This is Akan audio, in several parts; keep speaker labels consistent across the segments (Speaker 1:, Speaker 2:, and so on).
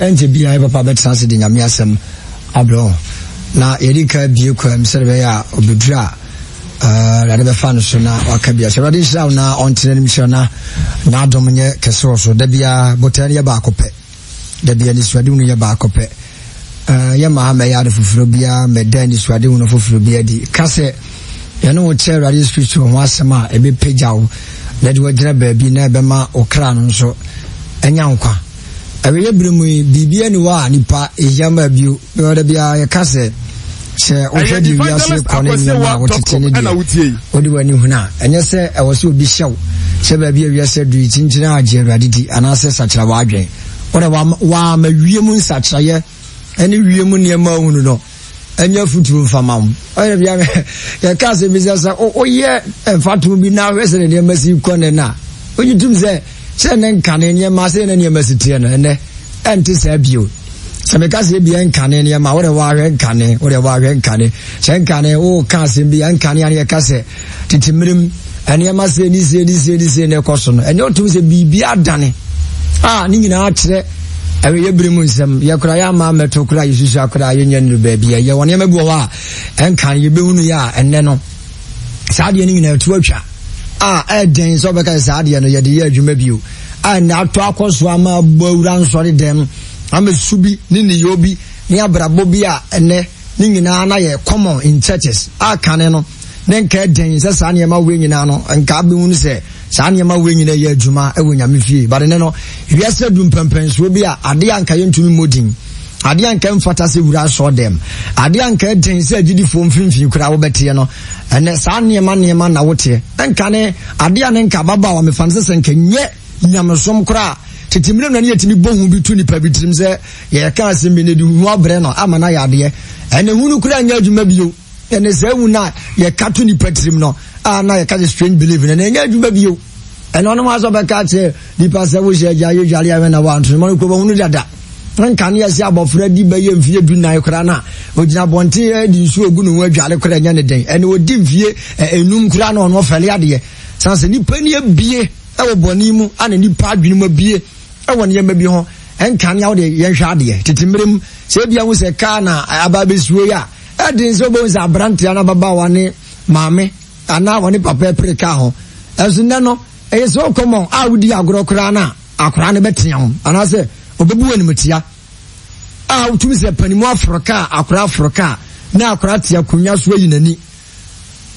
Speaker 1: ɛnkyɛ bia yɛbɛpa bɛtena ase de nyame asɛm abrɛ na yɛde ka bie kwam sɛde bɛyɛ a ɔbɛduru a awurade bɛfa no so na waka bia sɛ awurade nhyira wo na ɔntena no mhyira na n'adom nyɛ kɛse wɔ so da biaa botaa no yɛ baako pɛ da bia nisuade mu no yɛ baako pɛ yɛma ha mɛyɛ ade foforɔ biaa mɛda nisuade mu no foforɔ biaa di ka sɛ yɛne wo kyɛ awurade yesu kristo ho asɛm a ɛbɛpagya wo na de wagyina baabi na ɛbɛma wo kra no nso ɛnya nkwa ɛwɛyɛ bere mu yi biribi ani hɔ a nipa ehyɛmba bio ɛwɔ dɛ biara yɛka sɛ sɛ wohwɛ de wiase kɔ ne nneɛma a wotete ne deɛ wode w'ani hunu a ɛnyɛ sɛ ɛwɔ sɛ obi hyɛw sɛ baabi a wiase aduru kyinkyini a agye awurade di anaasɛ sakyera w'adwene wɔde waama wiem nsakyerɛyɛ ɛne wiem nneɛma ahunu no ɛnyɛ futuo mfama mu ɔyɛ bia yɛka sɛ bi sɛ sɛ woyɛ mfatomu bi na ahwɛ sɛ ne nneɛma si kɔ ne no a wogye tum sɛ sɛ ne nkane nneɛma sɛ ne nneɛma si teɛ no ɛnɛ ɛnte saa bio sɛ meka sɛ bia nkane nneɛma wode woahwɛ nkane wode woahwɛ nkane sɛ nkane woka asɛm bi ɛnkane ane yɛka sɛ tete mmerem ɛnneɛma sɛ ni se ni se ni se ne ɛkɔ so no ɛnɛ wotum sɛ biribi adane a ne nyinaa kyerɛ ɛyɛ bere mu nsɛm yɛkora yɛ ama mɛto kora yɛsusu akora yɛnya no baabi a yɛwɔ nneɛma bi wɔ hɔ a ɛnkane yɛbɛhu no yɛ a ɛnɛ no saa deɛ no nyinaa ɛtu atwa a ɛden sɛ wobɛka sɛ saa adeɛ no yɛde yɛ adwuma bio a ne ato akɔ so ama bawura nsɔre dɛm amesu bi ne neyɛ bi ne abrabɔ bi a ɛnɛ ne nyinaa na yɛ common in churches a kane no ne nka ɛden sɛ saa nneɛma wei nyinaa no nka bɛhu no sɛ saa nneɛma wei nyinaa yɛ adwuma wɔ nyame fie bade ne no wiase adu mpɛmpɛnsoɔ bi a adeɛ a nka yɛntumi mmɔ din adeɛ anka mfata sɛ wura asɔ dɛm adeɛ anka den sɛ agyidifoɔ mfimfini kora wobɛteɛ no ɛnɛ saa nneɛma nneɛma na woteɛ ɛnka ne adeɛ ne nka baba wa wamefa no sɛ sɛ nka nyɛ nyamesom koraa tete mmerɛ mmerɛ no yɛtumi bɔ hu bi to nipa bi tirim sɛ yɛka asɛm bi no de hu abrɛ no ama no ayɛ adeɛ ɛnɛ hu no kora nyɛ adwuma bio ɛnɛ saa hu no a yɛka to nipa tirim no a na yɛka sɛ strange believe no ɛnɛ ɛnyɛ adwuma bio ɛnɛ ɔno mu asɔ bɛka kyerɛ nipa sɛ wohyɛ agya yɛ dwale awɛ na wanto no ma no hu no dada nka ne yɛsɛ abɔfra di bɛyɛ mfie du nan koraa no a ɔgyina bɔnten de nsuo gu ne ho adwale koraa ɛnyɛ ne den ɛne ɔdi mfie ɛnum koraa na ɔno adeɛ san sɛ nnipa ni abie ɛwɔ bɔne mu ana nnipa adwene mu abie ɛwɔ nneɛma bi ho ɛnka ne a wode yɛnhwɛ adeɛ tete mmerɛ mu sɛ ebia ho sɛ kaa na aba bɛsuo yi a ɛden sɛ wobɛhu sɛ aberanteɛ no ababaawa ne maame anaa wɔne papa ɛpere kaa ho ɛnso nnɛ no ɛyɛ sɛ wokɔmmɔ a wodi agorɔ koraa no a akoraa no bɛtea ho anaasɛ ɔbɛbu animtia a wotumi sɛ panimu aforoka a akora aforoka a na akora tia akonnwa so ayi n'ani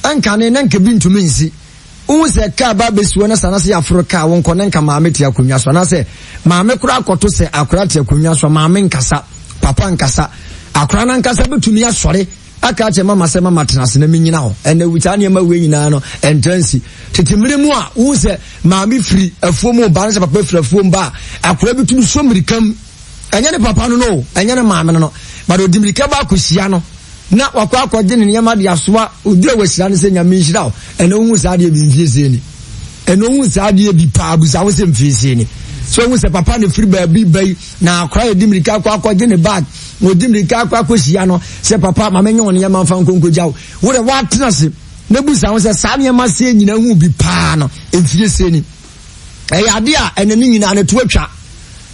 Speaker 1: ɛnkane na nka bi ntumi nsi wohu sɛ kaa ba bɛsi hɔ no sa na sɛ yɛaforo kaa wo nkɔ ne nka maame te akonnwa so anaasɛ maame kora akɔto sɛ akora te akonnwa so maame nkasa papa nkasa akora no ankasa bɛtumi asɔre aka kyɛ mama sɛ mama tena ase na menyina hɔ ɛnɛ wutaa nneɛma wei nyinaa no ɛntɛnsi tete mmere mu a wohu sɛ maame firi afuo mu ba no sɛ papa firi afuo mu ba a akora bi tumi so mmirikam ɛnyɛ ne papa no no ɛnyɛ ne maame no no but odi mmirika ba akɔhyia no na wakɔ akɔgye ne nneɛma de asoa odi a wɔahyira no sɛ nyame nhyira wo ɛnɛ wohu saa adeɛ bi mfiesie ni ɛnɛ wohu saa adeɛ bi paa abusa wo sɛ mfiesie ni so ehun sɛ papa ne firi baabi bɛyi na akora yɛ di mirika akɔ akɔ ne bag na odi mirika akɔ akɔ hyia no sɛ papa maame nye wɔn nneɛma nfa nkonkogya wo wɔde wɔatena se ne bu sa ho sɛ saa nneɛma se nyinaa hu bi paa no efie se ni ɛyɛ adeɛ a ɛna ne nyinaa ne to atwa eh,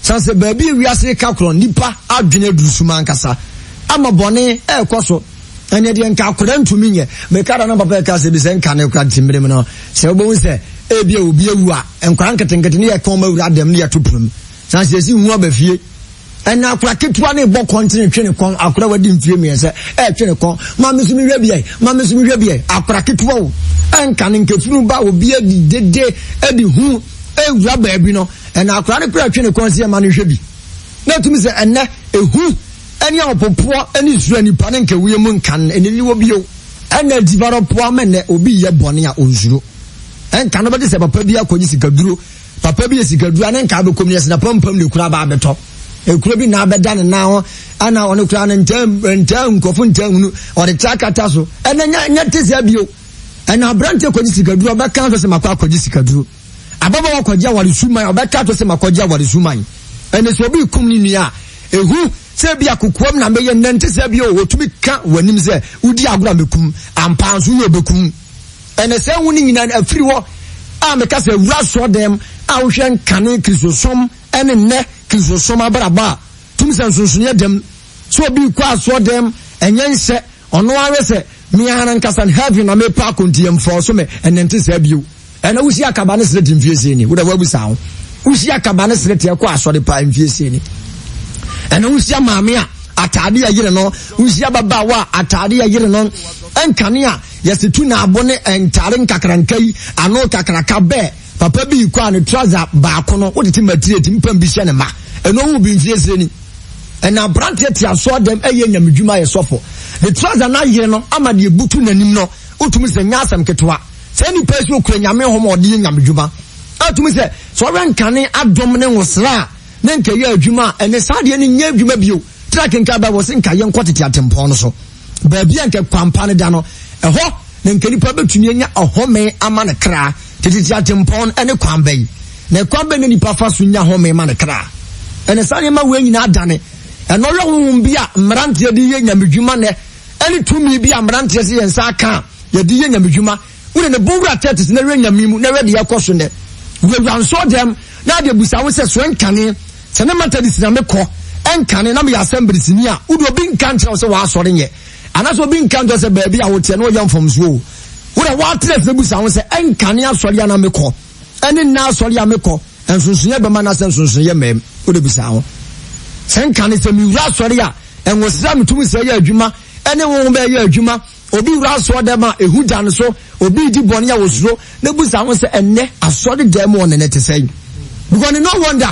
Speaker 1: san sɛ baabi ewiase ka nipa adwene duru suma ankasa ama bɔne eh, ɛɛkɔ so ɛnɛ nka akora ntumi nyɛ mɛka da na papa yɛ ka sɛ ebi sɛ nka ne kora ti mmerɛ mu no sɛ wobɛhu sɛ ebi a obi ewu a nkwadaa nketenkete ne yɛ kɔn ma wura dɛm ne yɛ to pono mu saa sɛsi hu aba fie ɛna akora ketewa ne bɔ kɔntene twe ne kɔn akora wadi mfie mmiɛnsa ɛɛtwe ne kɔn maame so mehwɛ bia maame so mehwɛ bia akora ketewa o ɛnka ne nkefunu ba obi adi dede edi hu ewura baabi no ɛna akora ne kora twe ne kɔn si ɛma ne hwɛ bi na etumi sɛ ɛnɛ ehu ɛne ɔpopoɔ ɛne nsura nipa ne nkewuye mu nkan ɛniliwo bio ɛna edibara poa mɛ nɛ obi yɛ bɔne nka no bɛde sɛ papa bi akɔnye sikaduro papa bi yɛ sikaduro ane nka bɛkɔm ne yɛsena pampam ne kura ba abɛtɔ ekuro bi na abɛda ne nan ho ana ɔne kura ne ntaa ntaa nkɔfo ntaa hunu ɔde tra kata so ɛna nya nya te sɛ bio ɛna aberante akɔnye sikaduro ɔbɛka to sɛ makɔ akɔgye sikaduro ababaawa akɔgye awari suman ɔbɛka to sɛ makɔgye awari suman ɛna sɛ obi kum ne nua ehu sɛ bi akokoam na mɛyɛ nante sɛ bio wotumi ka wɔ anim sɛ wodi agorɔ ɛnɛ sɛ wo no nyinaa afiri hɔ a meka sɛ wura soɔ dɛm a wohwɛ nkane kristosom ɛne nnɛ kristosom abrabɔ a tum sɛ nsonsoneɛ dɛm sɛ obi kɔ asoɔ dɛm ɛnyɛ nhyɛ ɔno ara sɛ meahana nkasa no heaven na mepa akontiamfɔɔ so me ɛnente saa bio ɛna wohyia akaba ne serɛ te mfiesie ni woda woabu saa ho wohyia akaba ne serɛ teɛ kɔ asɔre paa mfiesie ni ɛna wohyia maame a ataade a yere no nhyia babaawa a ataade a yere no nkane a yɛsi tu n'abo ne ntaare nkakranka yi ano kakraka bɛɛ papa bi kɔ a ne trouser baako no wode ti matire ti mpam bi hyɛ ne ma ɛno owu bi nfie sire ni ɛna aberanteɛ te asoɔ dɛm ɛyɛ nyamedwuma yɛ sɔfo ne trouser n'ayere no ama deɛ butu n'anim no wotumi sɛ nya asɛm ketewa sɛ nipa esi okura nyame hɔn a ɔde yɛ nyamedwuma ɛtumi sɛ sɔrɔ nkane adɔm ne nwosra ne nkɛyɛ adwuma ɛne saa deɛ ne nyɛ adwuma bio yɛtra kenka bible sɛ nka yɛnkɔ tete atempɔn no so baabi a nkɛ kwampa no da no ɛhɔ na nka nipa bɛtumi anya ɔhome ama ne kra tetete atempɔn no ne kwan bɛyi na kwan bɛ ne nipa fa so nya home ma ne kra ɛne saa nneɛma wei nyinaa dane ɛno yɛ honhom bi a mmeranteɛ de yɛ nyamedwuma nɛ ɛne tumi bi a mmeranteɛ sɛ yɛn nsa aka a yɛde yɛ nyamedwuma wone ne bowura tɛtis na wɛ nyame mu na wɛde yɛkɔ so nɛ wuransɔ dɛm na ade abusa wo sɛ soɛ nkane sɛ ne mata de siname ɛnkane na meyɛ asɛmberesini a wode obi nka nkyerɛ wo sɛ waasɔre nyɛ anaasɛ obi nka nkyerɛ sɛ baabi a woteɛ na wɔyɛ mfomsuo o wode woatrɛs no busa ho sɛ ɛnkane asɔre a na mekɔ ɛne nna asɔre a mekɔ nsonsoyɛ bɛma no sɛ nsonsoyɛ mmam wode bisa ho sɛ nkane sɛ mewura asɔre a ɛwosra metumi sɛ yɛ adwuma ɛne wowo bɛyɛ adwuma obi wura asɔre dɛm a ɛhu gya no so obi di bɔne a wɔsuro na busa ho sɛ ɛnɛ asɔre dɛm wɔ nenɛ te sɛi because no wonder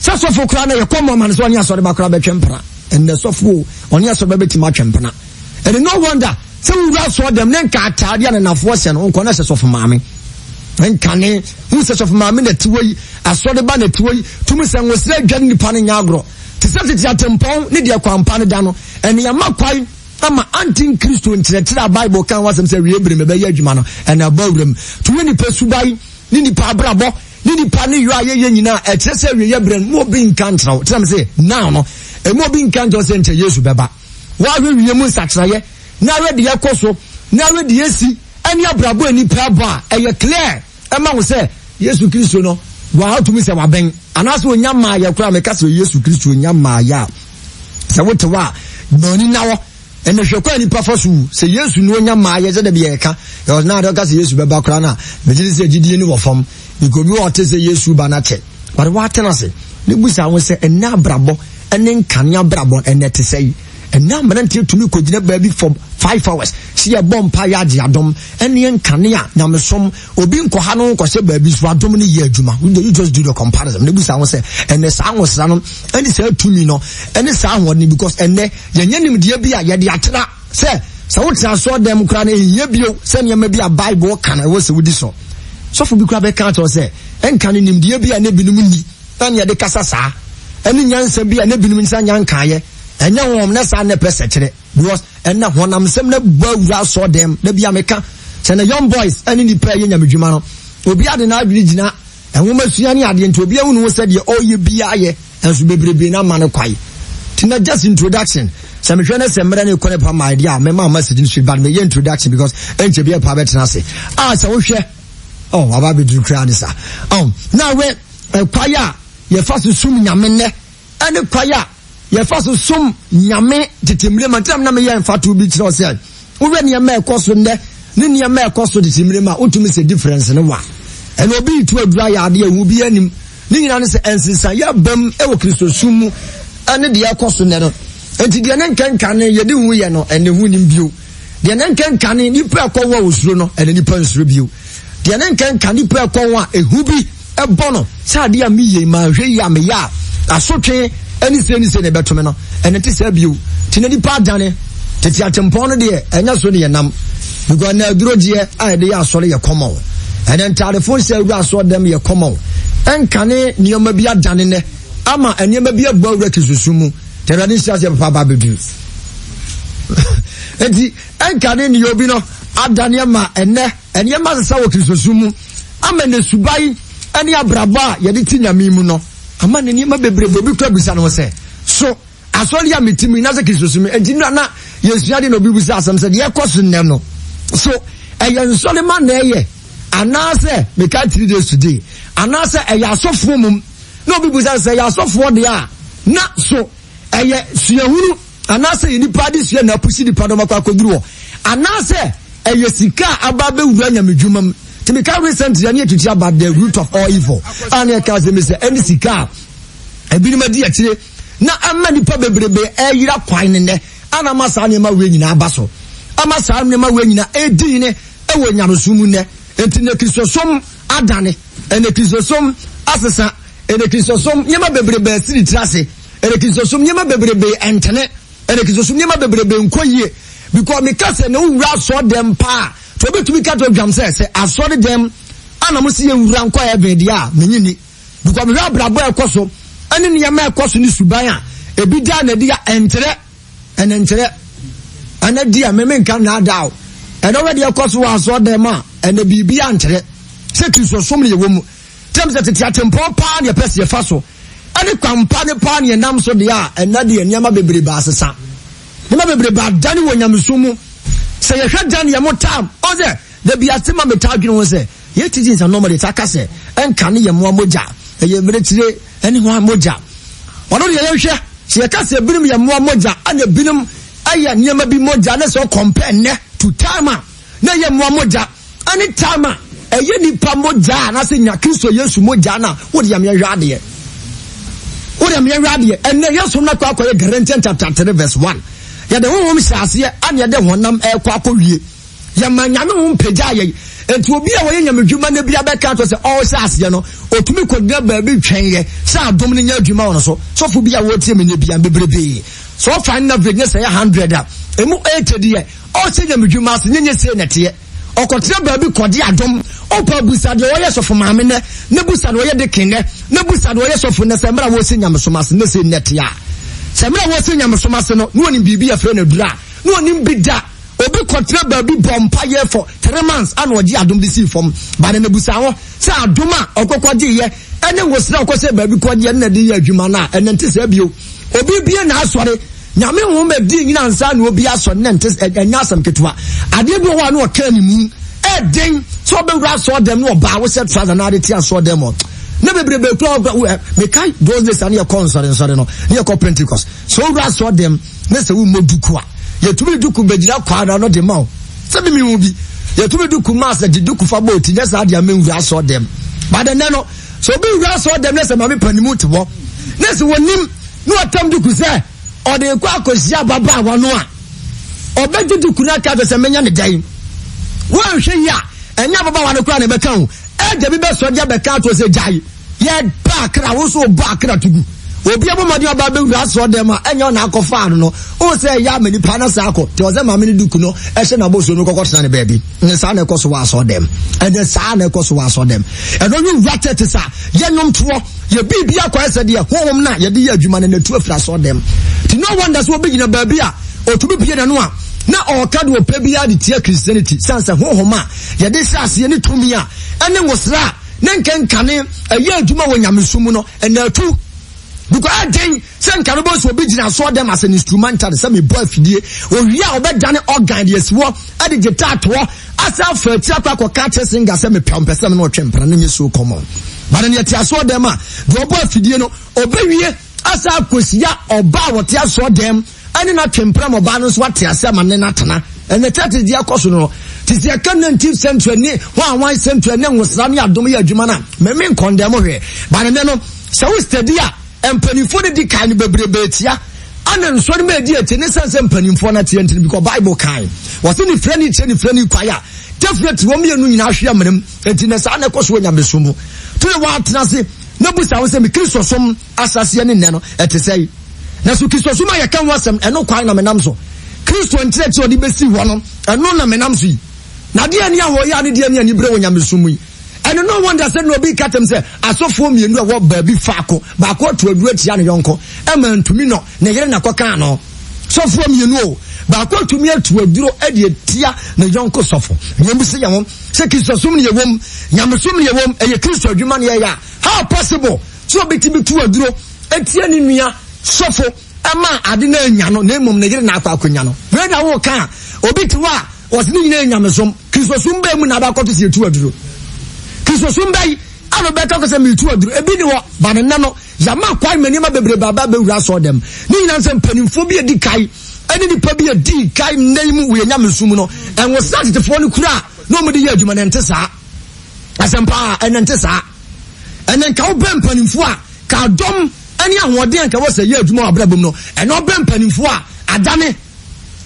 Speaker 1: sɛ sɔfo kora no yɛkɔ mɔma no sɛ ɔne asɔre ba kora bɛtwe mpena ɛnɛ sɔfo ɔne asɔre ba bɛtumi mpena ɛne no wonder sɛ wowura asɔre dɛm ne nka ataadeɛ a nanafoɔ sɛ no nkɔ ne sɛ sɔfo maame nkane hu sɛ sɔfo maame na tiwɔ yi asɔre ba na tiwɔ yi tumi sɛ nwosrɛ adwa ne nipa no nyɛ agorɔ te sɛ tete atempɔn ne deɛ kwampa no da no ɛne yɛma kwae ama anti kristo nkyerɛkyerɛ a bible kan wasɛm sɛ wie bere mɛbɛyɛ adwuma no ɛne aba wuram nti wo nipa subae ne nipa abrabɔ ne nipa ne yɔ ayɛyɛ nyinaa ɛkyerɛ sɛ awieɛ berɛ no mu obi nka nkyerɛw kyerɛm sɛ now no ɛmu obi nka sɛ nkyɛ yesu bɛba woahwɛ wie mu nsakyerɛeɛ na awɛ deɛ kɔ so na awɛ deɛ si ɛne abrabɔ a nipa bɔ a ɛyɛ clear ɛma wo sɛ yesu kristo no wɔatumi sɛ wabɛn anaasɛ ɔnya maayɛ koraa meka sɛ yesu kristo ɔnya maayɛ a sɛ wote hɔ a maani na wɔ ɛnna hwɛ kɔ a nipa fa so sɛ yesu ne ɔnya maayɛ sɛ dɛbi yɛka ɛwɔ naa dɛ ɔka sɛ yesu bɛba koraa no a megye sɛ gyidie ne wɔ fam nkobi wa ɔte sɛ yesu ba na kyɛ watena se ne busa ahun sɛ ɛnna abrabɔ ɛne nkanea abrabɔ ɛnɛ te sɛ yi ɛnna mmeranteɛ tumi kogyina baabi for five hours si yɛ bɔ mpa yɛ agye adom ɛne nkanea nyamesom obi nkɔha no nkɔhyɛ baabi so adom no yɛ adwuma you just do the comparison ne busa ahun sɛ ɛnɛ saa ahosra no ɛne saa tumi no ɛne saa ahoɔden because ɛnɛ yɛnyɛ nimdeɛ bi a yɛde atena sɛ sɛ wotena soɔ dɛm koraa no ɛnyɛ bio sɛ nneɛma bi a bible ka na ɛwɔ sɛ wodi so sɔfo bi kura bɛka kyerɛ sɛ ɛnka no nimdeɛ bi a ne binom ni na neɛ kasa saa ɛne nyansa bi a ne binom nsa nya nkaeɛ ɛnyɛ wɔm na saa nɛpɛ sɛkyerɛ because ɛnɛ honam nsɛm na bɔ awura asɔ dɛm na bi a meka kyɛ na young boys ɛne nipa ɛyɛ nyamedwuma no obi ade na adwene gyina ɛnwoma sua ne adeɛ nti obi ahu ne ho sɛdeɛ ɔyɛ bia ayɛ ɛnso bebrebe na ama no kwae nti na just introduction sɛ mehwɛ ne sɛ mmerɛ ne pa ma adeɛ a mɛma message no so but meyɛ introduction because ɛnkyɛ bi ɛpa bɛtena ase a ah, sɛ wohwɛ ɔn waba bi duru kura ne sa ɔn na awɛ ɛkwai a yɛfa so sum nyame nɛ ɛne kwai yɛfa so sum nyame tete mmiri ma ntɛnam nam yɛ nfa to bi kyerɛ ɔsɛ wowɛ nneɛma ɛkɔ so nɛ ne nneɛma ɛkɔ so tete mmiri ma wotumi sɛ difference ne wa ɛna obi tu adura yɛ adeɛ ewu bi anim ne nyinaa ne sɛ nsensan yɛ bɛm ɛwɔ kristo sum mu ɛne deɛ ɛkɔ so nɛ no nti deɛ ne nkɛnka ne yɛde hu yɛ no ɛne hu nim bio deɛ ne nkɛnka ne nipa ɛkɔ wɔ osuro no ɛne nipa nsuro bio deɛ ne nkanka nipa ɛkɔn a ehu bi ɛbɔ no sɛ adeɛ a miyɛ ma ahwɛ yi a meyɛ a asotwe ɛne se ne se ne bɛtome no ɛne te sɛ bio te na nipa adane tete atempɔn no deɛ ɛnyɛ so ne yɛ nam because na aduro deɛ a yɛde yɛ asɔre yɛ kɔmɔ ɛne ntaadefo nsɛ awura asɔ dɛm yɛ kɔmɔ ɛnkane nneɛma bi adane nɛ ama nneɛma bi abɔ awura te susu mu tɛnɛde nhyɛ aseɛ papa ba bɛduru nti ɛnkane nneɛ obi no adane ama ɛnɛ nneɛma sesa wɔ kristosu mu ama ne suban ne abrabɔ a yɛde ti nyame mu no ama ne nneɛma bebree bɔ obi kura bisa no sɛ so asɔre a metimi na sɛ kristosu mu enti na na yɛsua de na obi bisa asɛm sɛ deɛ ɛkɔ so nnɛ no so ɛyɛ nsɔre ma na ɛyɛ anaasɛ meka tiri de su de anaasɛ ɛyɛ asɔfoɔ mom na obi bisa sɛ ɛyɛ asɔfoɔ deɛ a na so ɛyɛ suahunu anaasɛ yɛ nipa de sua na apusi nipa dɔm akɔ akɔduru hɔ anaasɛ ɛyɛ sika aba abɛwura nyamedwuma mu tìmíkà recently yanni etutu aba the root of all evil a ne ɛka asɛm sɛ ɛne sika a ebinom adi akyire na ama nipa bebrebe ɛyira kwan ne nɛ ana ama saa nneɛma wei nyinaa aba so ama saa nneɛma wei nyinaa edi ne ɛwɔ nyamesu mu nɛ nti ne kisosom adane ɛne kristosom asesa ɛne kristosom nneɛma bebrebe esiri tiri ase ɛne kristosom nneɛma bebrebe ɛntene ɛne kisosom nneɛma bebrebe nkɔ because mika sɛ na wowura asɔre dɛm paa nti obɛtumi ka to adwam sɛ sɛ asɔre dɛm ana mo sɛ yɛwura nkɔ heaven deɛ a menyi ni because mehwɛ abrabɔ ɛkɔ so ɛne nneɛma ɛkɔ so ne suban a ebi da na di a ɛnterɛ ɛnɛ nterɛ ɛnɛ di a mɛmɛ nka na ada o ɛnɛ wɔ deɛ ɛkɔ so wɔ asɔre dɛm a ɛnɛ biribi a nterɛ sɛ kristosom ne yɛwɔ mu tɛm sɛ tete atempɔn paa ne yɛpɛ si yɛfa so ɛne kwampa ne paa ne yɛnam so deɛ a ɛnɛ deɛ nneɛma bebree baasesa nneɛma bebrebe adane wɔ nyamesu mu sɛ yɛhwɛ dan yɛn tam ɔsɛ dabi ase ma meta adwene ho sɛ yɛ titi nsa nɔɔma de ta ka sɛ ɛnkane yɛn mmoa mogya ɛyɛ mmeretire ɛne ho mogya ɔno deɛ yɛhwɛ sɛ yɛka sɛ ebinom yɛ mmoa mogya ɛna ebinom ayɛ nneɛma bi mogya ne sɛ ɔkɔmpɛ nnɛ to time a na yɛ mmoa mogya ɛne time a ɛyɛ nipa mogya a n'asɛ nya kristo yesu mogya na wɔde yam yɛhwɛ adeɛ wɔde yam yɛhwɛ adeɛ ɛnɛ yɛsom na kɔ akɔyɛ Galatians chapter three verse one yɛde honhom hyɛ aseɛ ane yɛde honam ɛkɔ eh, akɔwie yɛma nyame ho mpagya yɛ nti obi a wɔyɛ nyamedwuma no bi abɛka to sɛ ɔhyɛ aseɛ no ɔtumi kɔgyina baabi twɛnyɛ sɛ adom no nyɛ adwuma wɔ no so sɔfo bi a wɔtie me nyɛ bia bebrebee sɛ ɔfa no average nyɛ sɛ yɛ 100 a ɛmu 80 deɛ ɔhyɛ nyamedwuma ase nyɛnyɛ sei nɛteɛ ɔkɔtena baabi kɔde adom ɔpa busa deɛ ɔyɛ sɔfo maame nɛ ne busa deɛ ɔyɛ de kenɛ ne busa deɛ ɔyɛ sɔfo nɛ sɛ mmerɛ a wɔsi nyamesomase ne sei nɛteɛ a sɛ mmerɛ wɔsi nyamesoma se no ne wɔnim biribi afrɛ no adura ne wɔnim bi da obi kɔtena baabi bɔ mpa yɛ fɔ three months ana ɔgye adom de sii fam bane na busa hɔ sɛ adom a ɔkɔkɔ gye yɛ ɛne wɔsira ɔkɔsɛ baabi a ɛnɛ nte sɛ bio obi bie na asɔre nyame nwoma di nyina nsa na obi asɔre na nte ɛnyɛ asɛm ketewa adeɛ bi wɔ hɔ a na ɔka ne mu ɛden sɛ ɔbɛwura asɔre dɛm na ɔbaa wosɛ trouser na ne bebrebe kura ɔkura meka those days ani yɛ kɔ nsɔrensɔre no ne yɛ kɔ so owura sɔ dɛm ne sɛ wumo duku a yɛtumi duku bɛgyina kwaara no de ma o sɛbi mi wu bi yɛtumi duku maas de duku fa booti nyɛ saa deɛ mewura sɔ dɛm bade nɛ no so obi wura sɔ dɛm ne sɛ maame panimu te hɔ ne sɛ nim, ne wɔtam duku sɛ ɔde kɔ akɔhyia ababaawa no a ɔbɛgye duku no aka sɛ menya ne dan wɔnhwɛ yi a ɛnyɛ ababaawa no kora ne bɛka ho ɛgya bi bɛsɔ deɛ bɛka ato sɛ gyae yɛ ba akra wo so ba akra tugu obi abomɔden ɔba abɛwura asɔ dɛm a ɛnyɛ ɔna akɔ faa no no o sɛ ɛyɛ ama nipa na saa akɔ te ɔsɛ maame ne duku no ɛhyɛ n'abosuo no kɔkɔ tena ne baabi ne saa na ɛkɔ so wɔ asɔ dɛm ɛnɛ saa na ɛkɔ so wɔ asɔ dɛm ɛno ne wura tɛte sa yɛ nnwomtoɔ yɛ biribi akɔ ɛsɛ deɛ honhom na yɛde yɛ adwuma no natu afiri asɔ dɛm nti no wonder sɛ obi gyina baabi a ɔtumi pie n'ano a na ɔka de ɔpɛ bi ade tia christianity san sɛ honhom a yɛde hyɛ aseɛ ne tumi a ɛne wo serɛ a ne nkɛnkane ɛyɛ adwuma wɔ nyamesu mu no ɛna atu because ɛden sɛ nkane bɔ sɛ obi gyina asoɔ dɛm asɛ instrumental sɛ mebɔ afidie owie a wɔbɛdane organ de asiwɔ ɛde gye taatoɔ asɛ afa akyi akɔ akɔka kyerɛ senga sɛ mepɛ mpɛ sɛ me ne ɔtwe mpra no nyɛ so kɔmmɔ bane neɛte asoɔ dɛm a deɛ ɔbɔ afidie no ɔbɛwie asɛ akɔsia ɔba a wɔte asoɔ dɛm ɛne n'atwempere mu ɔbaa no nso wate ase ama ne n'atena ɛnɛ tɛte deɛ kɔ so no te sɛ ɛka nineteen century ne one one century ne nwosra ne adom yɛ adwuma no mɛmi nkɔndɛm hwɛ banimɛ no sɛ wo a mpanimfoɔ no di kan no bebrebe tia ana nsɔre mu edi eti ne sɛnsɛn mpanimfoɔ na tiɛ ntini because bible kan wɔsi ne fira ne kyɛ ne fira ne kwae a wɔn mmienu nyinaa ahwɛ amena eti na saa na ɛkɔ so wɔ nyamesom to ne wɔn atena se ne busa ahosuo mi kristu som asaseɛ ne nnɛ no ɛte sɛ yi. na so kristo suma yɛka ho asɛm ɛno kwan na menam so kristo nkyerɛkyerɛ ɔde bɛsi hɔ no ɛno na menam so yi na deɛ ni a wɔyɛ ne deɛ ni ani berɛ wɔ nyamesom yi ɛno no wonder sɛ na obi ka tam sɛ asɔfoɔ mmienu a wɔ baabi faako baako ato aduro atia ne yɔnko ɛma ntumi no ne yere na kɔkaa no sɔfoɔ mmienu o baako atumi atu aduro de atia ne yɔnko sɔfo nyɛmu sɛ yɛ wɔm sɛ kristosom ne sum ni ne yɛwɔm ɛyɛ kristo adwuma ne yɛyɛ a how possible sɛ obi tumi tu aduro atia ne nua sɔfo ɛma ade no anya no na mmom ne yere na akɔ akɔnya no wei na woka obi te hɔ a wɔse ne nyina nyamesom kristosom bɛ mu na abakɔto sɛ yɛtu aduro kristosom bɛ yi ano bɛka kɔ sɛ metu aduro ebi ne hɔ ba ne nna no yɛma kwae ma nneɛma bebree baaba bɛwura sɔɔ dɛm ne nyina sɛ mpanimfoɔ bi adi kae ɛne nipa bi adi kae nna yi mu wɔ yɛnyamesom no ɛnwosa tetefoɔ no kura a na ɔmode yɛ adwuma ne nte saa asɛmpa a ɛnɛ saa ɛnɛ nka wobɛ a ka dɔm ɛne ahoɔden anka wɔ sɛ yɛ adwuma wɔ abrabom no ɛna ɔbɛ mpanimfoɔ a adane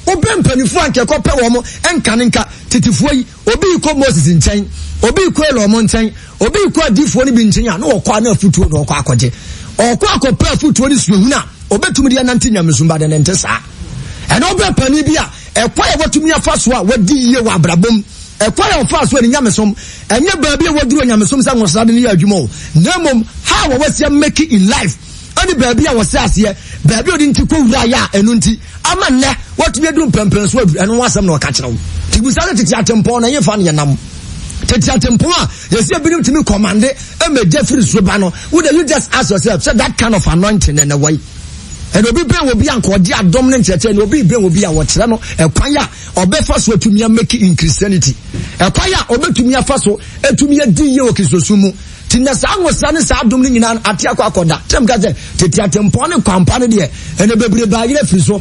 Speaker 1: wobɛ mpanimfoɔ anka ɛkɔpɛ wɔ mo ɛnka ne nka tetefoɔ yi obi kɔ moses nkyɛn obi kɔ elɔmo nkyɛn obi kɔ adiifoɔ no bi nkyɛn a na wɔkɔ a na afutuo na ɔkɔ akɔgye ɔkɔ akɔpɛ afutuo no suohun a obɛtumi de anante nyamesomba de ne nte saa ɛna ɔbɛ pani bi a ɛkɔ yɛ wɔtumi afa so a wɔdi yie wɔ abrabom ɛkɔ yɛ ɔfa so a ne nyamesom ɛnyɛ baabi a wɔduru nyamesom sɛ nwɔsra de ne yɛ adwuma o na mmom ha wɔwɔ sɛ meki in life ɛne baabi a wɔsɛ aseɛ baabi a ɔde nti kɔwura yɛ a ɛno nti ama nnɛ watumi adu mpɛmpɛn so aduru ɛno asɛm na ɔka kyerɛ wo nti busa no tete atempɔn na yɛmfa no yɛnam tete atempɔn a yɛsɛ binom tumi kɔmande ɛmɛgya firi so ba no wode you just ask yourself sɛ that kind of anointing ɛnɛ wɔyi ɛna obi bɛn obi a nkɔgye adɔm ne nkyerɛkyerɛ na obi bɛn obi a wɔkyerɛ no ɛkwan a ɔbɛfa so atumi ameki in christianity ɛkwan a ɔbɛtumi afa so atumi adi yie wɔ kristosu mu ti na saa nwosa ne saa dom no nyinaa ate akɔ akɔda tɛm ka sɛ tete atempɔn ne kwampa no deɛ ɛne bebree baa yerɛ firi so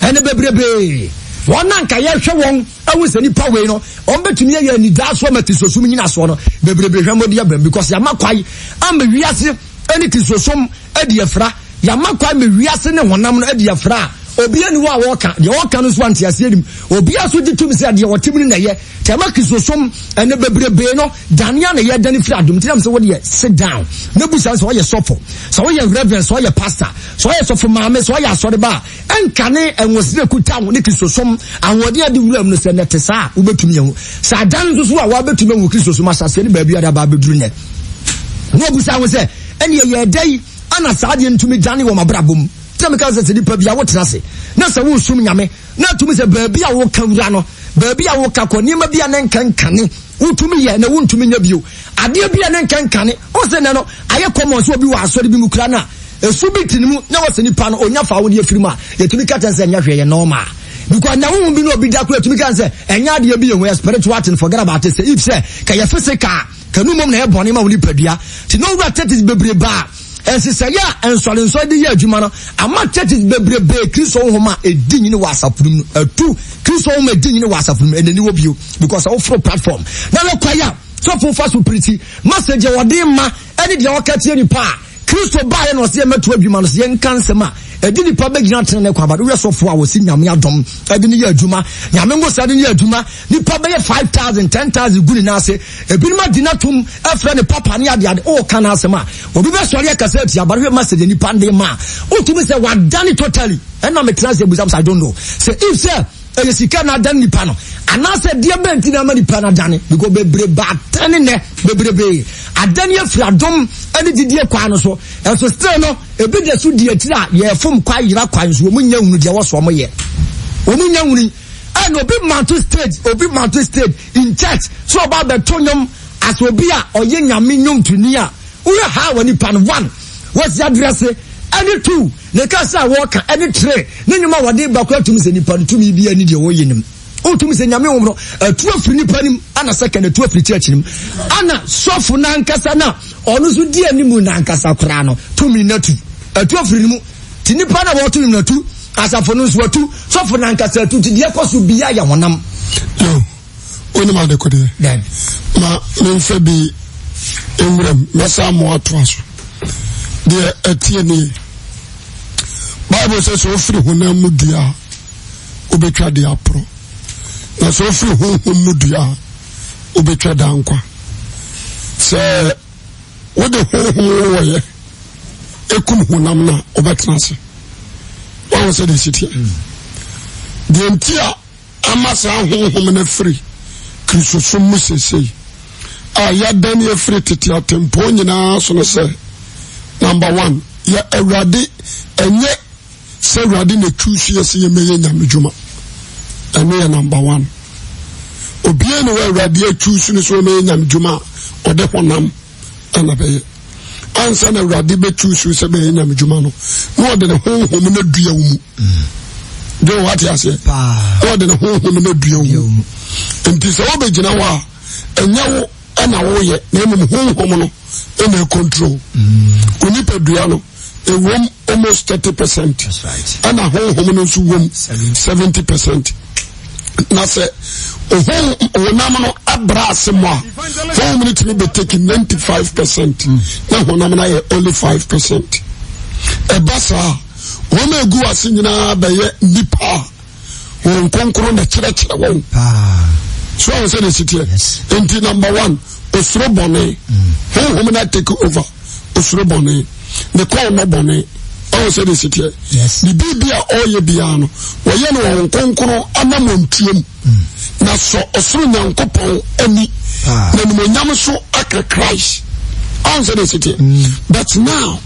Speaker 1: ɛne bebrebee wɔn a nka yɛhwɛ wɔn ahu sɛ nipa wei no wɔn bɛtumi ayɛ ni soɔ ma tisosom nyina soɔ no bebrebe hwɛ mo deɛ bɛn because yama kwae ama wiase ɛne tisosom ɛdi afra yama kwae ma wiase ne honam no ɛdi afra a obi ani wa wɔka deɛ wɔka no nso ante aseɛ nim obi aso gye tum sɛ deɛ wɔtem no na yɛ tɛma kisosom ɛne bebrebe no danea na yɛ dane fi adom tinam sɛ wodeɛ sit down ne busa sa sɛ wɔyɛ sɔfo sɛ wɔyɛ reverend sɛ wɔyɛ pastor sɛ wɔyɛ sɔfo maame sɛ wɔyɛ asɔre ba a ɛnka ne ɛnwosire kuta ho ne kisosom ahoɔden ade wura mu no sɛ nɛte saa wobɛtumi ɛho sɛ adan nso so a wɔabɛtumi ahu kisosom asaseɛ ne baabi ada ba ntumi dane wɔ mabrabɔ tẹ́mi ká sẹ̀ sẹ́ni pẹ̀bi àwọn tẹ̀ra na sẹ̀ wọ́n eh, sum nyame na tumi sẹ̀ bẹ̀ẹ̀bi àwọn kawura no bẹ̀ẹ̀bi àwọn kakọ níyẹn bi a ne nkankane wotumi yɛ na wontumi nya bio adeɛ bi a ne nkankane o nɛ no ayɛ kɔmɔ sɛ obi wɔ asɔre bi mu kura no a esu bi ti ne mu na wɔsɛ nipa no onya fa awodeɛ firi mu a yɛtumi ka kyɛn sɛ ɛnya hwɛ yɛ nɔɔma because na huhu bi na obi da kura yɛtumi ka sɛ ɛnya adeɛ bi yɛ wɔn spiritual ten forget about it sɛ if sɛ ka yɛ physical ka nu mu na yɛ bɔnne ma wɔn nipadua ti na owura tɛtis bebree baa ɛsesɛyɛ a nsɔrensɔr de yɛ adwuma no ama church churches bebrebee kristo nhoma ɛdi nyini wɔ asafunu mu atu kristo nhoma ɛdi nyini wɔ asafunu mu ɛnani wɔ bio because ɛwoforo platform na ne kwae a sɔfo fa so piriti masagye wɔde ma ɛne deɛ wɔka kyerɛ nipa a kristo baayɛ na ɔsɛ yɛmɛto adwuma no si yɛnka nsɛm a ɛdi nipa bɛgyina tene ne kwaba woyɛ sɔfo a wɔsi nyame adɔm ɛde ne yɛ adwuma nyame nkosa de ne yɛ adwuma nipa bɛyɛ five thousand ten thousand gu ne nan ase ebinom adi na tom ɛfrɛ ne papa ne adeade ɔɔka no asɛm a obi bɛsɔre akasa ati abare hwɛ masɛde nipa nde ma a wotumi sɛ wadane totally ɛna metena sɛ busam sɛ i don't know sɛ if sɛ ɛyɛ sika na adane nipa no anaasɛ deɛ bɛn ti na ama nipa na adane because bebree ba atane nɛ bebrebee adane afiri adom ɛne didie kwan no so ɛso still no ebi de so di akyire a yɛfom kwa yira kwan so wɔn nyɛ hunu deɛ wɔsɔ wɔn yɛ wɔn nyɛ hunu ɛna obi manto stage obi manto stage in church so ɔba abɛto nnwom as obi a ɔyɛ nyame nnwom tuni a wɔyɛ ha wɔ nipa no one wɔsi adresse. E ni tou, ne kasa waka, e ni tre, nen yon man wade i bako, tou mi se eh, ni pan, tou mi yi biya, tou mi se nye mi omron, tou mi se nye pan, anaseke ne tou e flitey chine, anaseke sou founan kasa nan, onou sou diye ni mounan kasa kura anon, tou mi ne eh, tou, tou mi founan moun, ti nipan anewo tou yon nou tou, asafon nou sou wato, tou mi founan kasa tou, ti diye kwa sou biya yawon nan. Yo, o yon man dekodi ye, men febi, yon mwre, mwese amwa
Speaker 2: tou anso, deɛ ɛteɛ nie bible sɛ sɛ wofiri honam mu dua a wobɛtwa deɛ aporɔ na sɛ wofiri honhom mu dua a wobɛtwa da nkwa sɛ wode honhom wɔyɛ ɛkum honam no a wobɛtena ase wahu sɛ deɛ sitiɛ mm. deɛ nti a ama saa honhom no firi kristosom mu sesei a yɛadane afiri tete atempɔn nyinaa so no sɛ number one yɛ awurade ɛnyɛ sɛ awurade na etu si ɛsɛ yɛ mɛyɛ nyame dwuma ɛno yɛ number one obiara na wɔ awurade etu si no so mɛyɛ nyame dwuma a ɔde honam ɛna bɛyɛ ansa na awurade bɛtu si sɛ bɛyɛ nyame dwuma no na ɔde ne honhom na dua wo mu de wɔ ate aseɛ na ɔde ne honhom na dua wo mu nti sɛ wɔbɛgyina hɔ a ɛnyɛ wo ɛna wɔyɛ na mmom honhom no ɛna control mm. onipadua no ɛwom almost thirty percent ɛna honhom no nso wom seventy percent na sɛ ohun honam no abra ase mu a honhom no tumi bɛ take ninety five percent mm. na honam no ayɛ only five percent ɛba saa wɔn a egu ase nyinaa bɛyɛ nipa a wɔn nkonkoro na kyerɛkyerɛ wɔn so a wɔn sɛ na esi teɛ nti number one osoro bɔnne honhom na take over osoro bɔnne ne kɔn nɔ bɔnne ɔwɔ sɛ de sitiɛ ne biribi a ɔyɛ oh, biara no wɔyɛ no wɔn nkonkoro anamontuam na sɔ ɔsoro nyankopɔn ani na nimonyam so ah. aka christ ɔwɔ sɛ de sitiɛ but now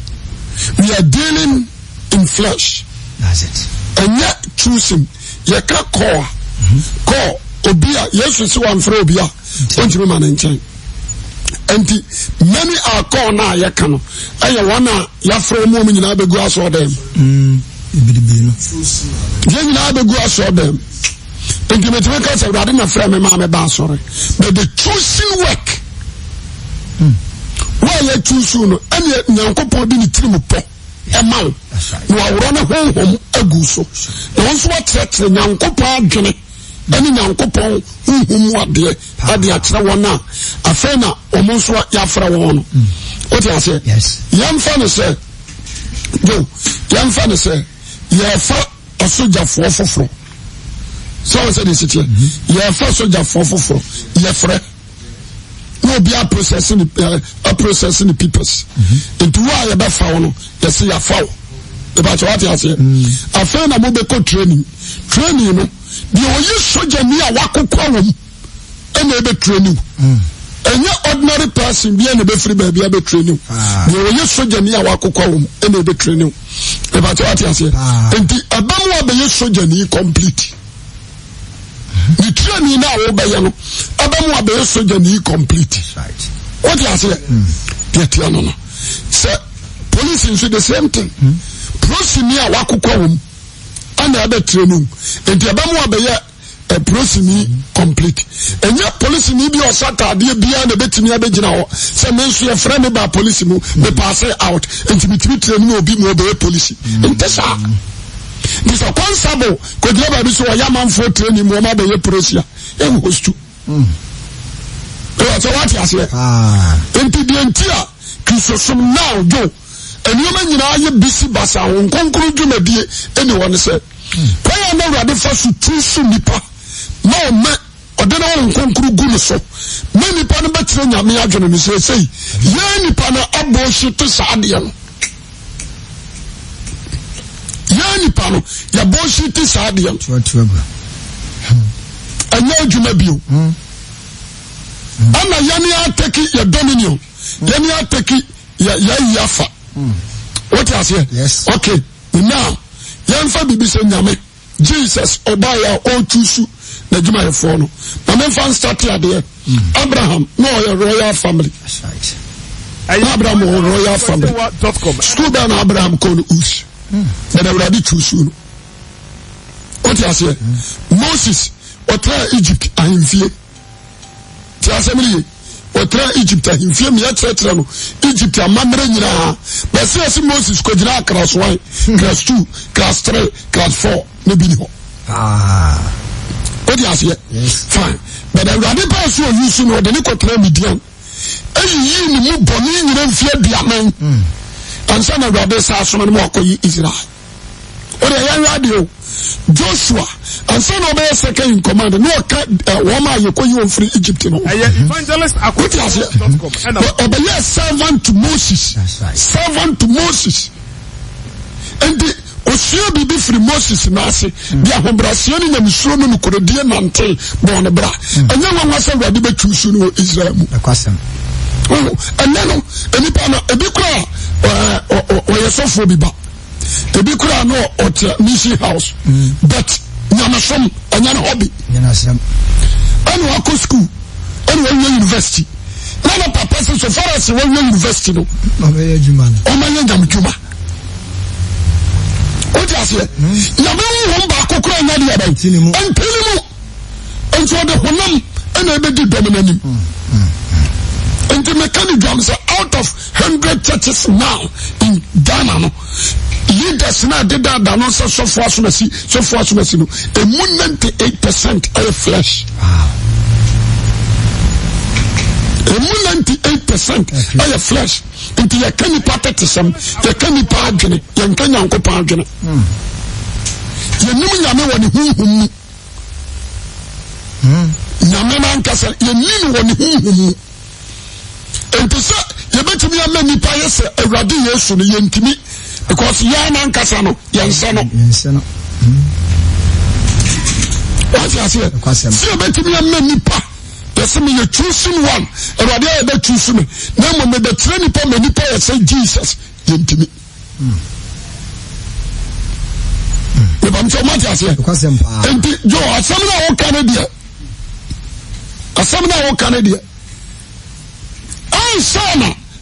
Speaker 2: we are dealing in flesh ɛnyɛ choosing yɛka kɔɔ a kɔɔ obi a yesu si wa nfrɛ obi a ɔntumi ma ne nkyɛn. nti many are na yɛ ka no ɛyɛ wɔn a yɛafrɛ mu mu nyinaa bɛgu asɔɔdan mu mm, yɛn nyinaa bɛgu asɔɔdan mu nti mɛtumi ka sɛ na frɛ me maa me ba asɔre but the choosing work mm. wɔn a yɛ choose no ɛnna nyankopɔn de dị tirim pɔ ɛma wo na waworɔ ne honhom agu so na wɔn nso wɔkyerɛkyerɛ adwene. dane nyankopɔn honhum adeɛ ade akyerɛ wɔn a afei na ɔmo nso yɛafrɛ wɔn no mm. wote aseɛ yɛmfa no sɛ jo yɛmfa no sɛ yɛfa asogyafoɔ foforɔ sɛ wɔ sɛ de siteɛ mhm. yɛfa asogyafoɔ foforɔ yɛfrɛ na obi aprocess ne eh, aprocess ne papers mhm. nti wo a yɛbɛfa wo no yɛsɛ yɛafa wo yɛbɛkyɛ woate aseɛ mm. afei na mobɛkɔ training training no deɛ ɔyɛ sogya ni a wakokɔ wɔ mu ɛna ɛbɛturo ni ɛnyɛ ordinary person bi ɛna ɛbɛfiri baabi ɛbɛturo ni ah. deɛ ɔyɛ sogya ni a wakokɔ wɔ mu ɛna ɛbɛturo ni ɛbɛtɛ wate aseɛ ah. nti ɛbɛn mu abɛyɛ sogya ni complete ne tire ni na a wɔbɛyɛ no ɛbɛn mu abɛyɛ sogya ni complete wate aseɛ deɛ tia no no sɛ polisi nso the same thing hmm. polisi ni a wakokɔ wɔ mu ɛna ɛbɛ tire no nti ɛbɛ mu abɛyɛ polisini complete ɛnyɛ polisini bi ɔsɛ ataadeɛ biara na ɛbɛtumi abɛgyina hɔ sɛ me nso yɛfrɛ me baa polisi mu mepaase out nti metumi tire no na obi mu ɔbɛyɛ polisi nti saa nti sɛ kɔnsabo kɔgyina baabi so ɔyɛ amanfoɔ tire ni mu ɔma bɛyɛ polisia ɛwɔ hostu ɛwɔ sɛ wate aseɛ ah. nti deɛ nti a kristosom now dwo nneɛma nyinaa yɛ bisi basa wo nkonkoro dwumadie ɛne wɔ ne prayer na awurade fa so tiri so nipa na ɔma ɔde ne wɔn nkonkuru gu ne so na nipa no bɛtiri nyame adwene ne seesei yɛn nipa no abɔ ɔhyɛ te saa adeɛ no yɛn nipa no yɛbɔ ɔhyɛ te saa adeɛ no hmm. ɛnyɛ adwuma bio ama ya atɛki yɛ dominion yɛne atɛki yɛ yɛ afa hmm. wɔte aseɛ okay now yɛmfa biribi sɛ nyame jesus ɔbaeɛ a ɔtu su n'adwumayɛfoɔ no na memfa nstate adeɛ mm. abraham na ɔyɛ royal family na abraham wɔ royal family school bɛɛ na abraham kɔ no us bɛn mm. awurade tu no wote aseɛ mm. moses ɔtraa egypt ahemfie te asɛm no ye wɔtena egypt ahemfie mi yɛkyerɛkyerɛ no egypt amammerɛ nyinaa bɛsi ɛsi moses kogyina class one class two class three class four ne bi ni hɔ wodi ah. aseɛ fine but awurade pɛɛ so oyi so no ɔde ne kɔtena midian eyiyi ne mu bɔne nyina mfie duaman hmm. ansa na awurade saa asoma no mu akɔyi israel o de yɛn yɛ adeɛ o joshua ansa na ɔbɛyɛ second in command ne ɔka wɔn a yɛkɔ yi wɔn firi egypt no. ɛyɛ eh, evangelist akoto dot com ɛna. ɔbɛyɛ eh, eh, servant to moses servant to moses nti osua biribi firi moses n'ase di ahobrɛaseɛ ne nyamisuo no nokorodie nante bɔn bra ɛnyɛ hmm. wɔn wɔn sɛ awurade bɛtwi su no wɔ israel mu. ɛnɛ oh, no nipa no ebi kura ɔyɛ sɔfoɔ bi ba ebi kura no ɔte nisi house mm. but nyamesom ɔnya hobi hobby ɛna wakɔ school ɛna wɔnyɛ university na na papa sɛ so far as wɔnyɛ university no ɔmɛyɛ nyame dwuma wote aseɛ mm. nyame wohom baako kora nya deɛ bɛn ɛmpini mu nti ɔde honam ɛna ɛbɛdi dɔm no anim mm. nti meka ne dwam out of hundred churches now in ghana no leaders na deda da no sɛ sɔfo asomasi sɔfo asomasi no emu ninety eight percent ɛyɛ flesh emu ninety eight percent ɛyɛ flesh nti nipa tete sɛm nipa adwene adwene hmm. nyame ne hmm. ne yɛbɛtumiama nipa yɛ sɛ awurade yɛ s no yɛntimi becauseyɛn nkasa n yɛn ɛɛyɛbɛtumi ama nipa yɛsmyɛ csn o wrae aɛbɛs m n mɛrɛ nipa ma nipa yɛsɛ jesus ɛɛ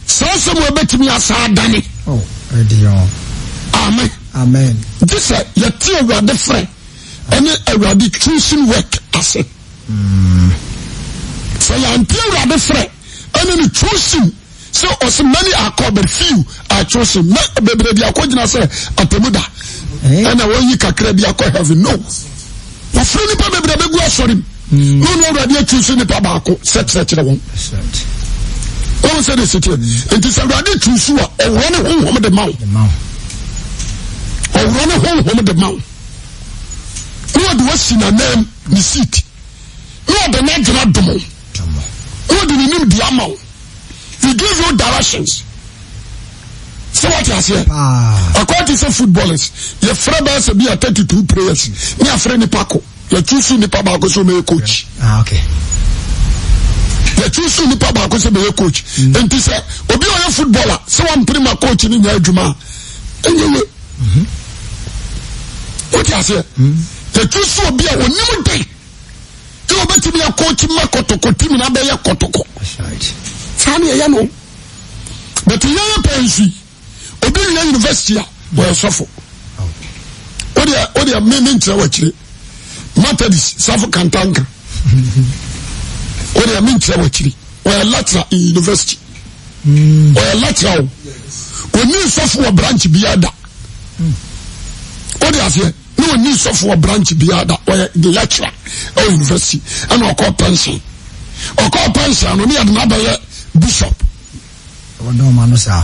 Speaker 2: saa sɛm wɔbɛtumi asaa dane oh, amen amen gye sɛ yɛte awurade frɛ ɛne awurade chosen work ase hmm. sɛ yɛante awurade frɛ ɛne ne chosen sɛ ɔsɛ many are called but few are chosen na bebree bi akɔgyina sɛ atamu da eh? ɛna wɔnyi kakra bi akɔ heaven no wɔfrɛ nipa bebree bɛgu asɔre mu na hmm. ɔno awurade atu so nipa baako sɛkyerɛkyerɛ wɔn wọn sẹ de sẹtiẹ nti sẹ awurade tu su a ọwọ ne honhom de ma wo ọwọ ne honhom de ma wo ne wọn de wọn si nanan ne seat ne wọn de ne gyina domo ne wọn de ne nim di ama wo he give you directions sẹ wọn ti aseɛ akɔɔ ti sɛ footballers yɛ fɛrɛ bɛɛ sɛ bi yɛ thirty two players ne yɛ fɛrɛ nipa ko yɛ tu su nipa baako so mɛ coach. Ah, okay yɛtwi so nipa baako sɛ bɛyɛ coach mm. nti sɛ obi a ɔyɛ football a sɛ wampere ma coach no nyɛ adwuma a ɛnyɛ we mhm. wote aseɛ mm. yɛtwi so obi a ɔnim de sɛ wobɛtumi yɛ coach ma kɔtɔkɔ timi na bɛyɛ kɔtɔkɔ saa ne ɛyɛ no but yɛyɛ pɛnsi obi nyina university a wɔyɛ mm. sɔfo oh. wodeɛ me menkyerɛ wakyire methodist safo kantanka mm-hmm wọ́n yẹ minkyerɛ wɔ akyiri ɔyɛ lecturer in university ɔyɛ lecturer o oni nsɔfo wɔ branch biara da o de aseɛ ne oni nsɔfo wɔ branch biara da ɔyɛ lecturer ɛwɔ university ɛna ɔkɔ pension ɔkɔ pension no ne yɛde n'abɛyɛ bishop.
Speaker 1: ɔdɔn ma no saa.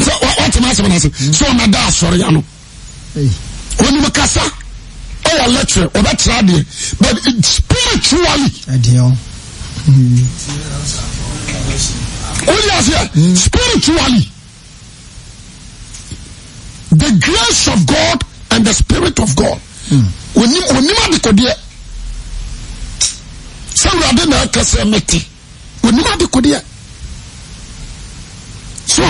Speaker 2: sɛ wɔtɛmɛ asɛm na se sɛ ɔna da asɔre ya no onim kasa. usiritally hmm. hmm. spiritually the grace of god and the spirit of god enima de od s eidenaesemet eniade od so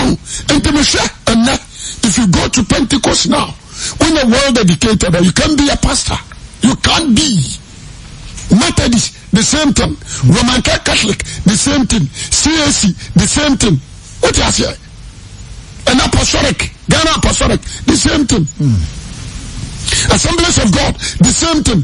Speaker 2: ente ece ane if you go to pentecost now whenworld educatr you can beapastor you can beethodis the same thing romanc ctolic thesame thingn thesame thingan aosi aosi thesamethingassembl of god theamething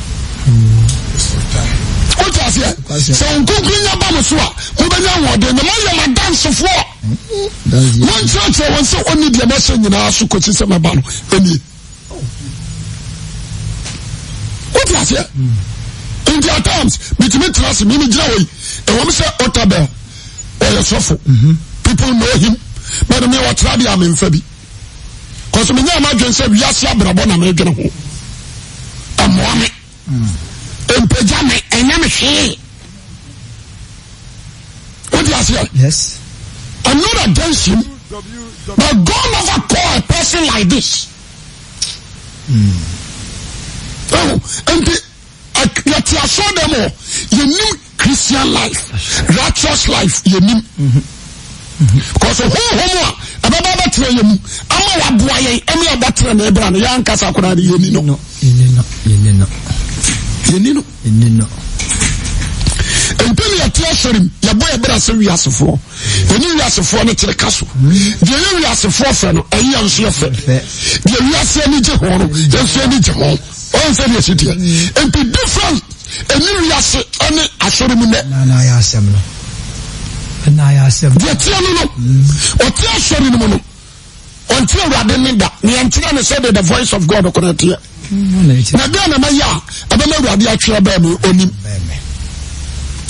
Speaker 2: wote aseɛ sɛ nkonkuru nya ba mo so a mobɛnya wɔden na moyɛ ma dansefoɔ monkyerɛkyerɛ wɔn sɛ ɔne deɛ mɛhyɛ nyinaa so kɔsi sɛ mɛba no ɛnie wote aseɛ nti at times bitumi tena se mimi gyina hɔ yi ɛwɔ m sɛ otabel ɔyɛ sɔfo mhm. people know him but me wɔtena deɛ amemfa bi kɔsɛ menyɛ ma adwen sɛ wiase abrabɔ na meredwene ho mane enenhe t anoteansm butgoneve all a person like thisytsdem oh, y christian life ritous life yn basehoho bbetrymu ama aemrnayn yɛni no mpɛn yɛte asɔrem yɛbɔ yɛbrɛ sɛ wiasefoɔ ɛne wiasefoɔ no kyereka so deɛ yɛ wiasefoɔ fɛ no ɛyɛ nso yɛfɛ deɛ wiaseɛ no gye hɔ no yɛnso ani gye hɔ ɔnsɛ deɛ si mm. deɛ mpi different ɛne wiase ɛne asɔrem nɛ deɛ teɛ no no mm. ɔte asɔre no mu no ɔnte awurade ne da neɛnkyerɛ ne sɛ de the voice of god ɔkɔnɔ teɛ na bia na mɛyɛ a ɛbɛma awurade atwerɛ bɛɛ me onim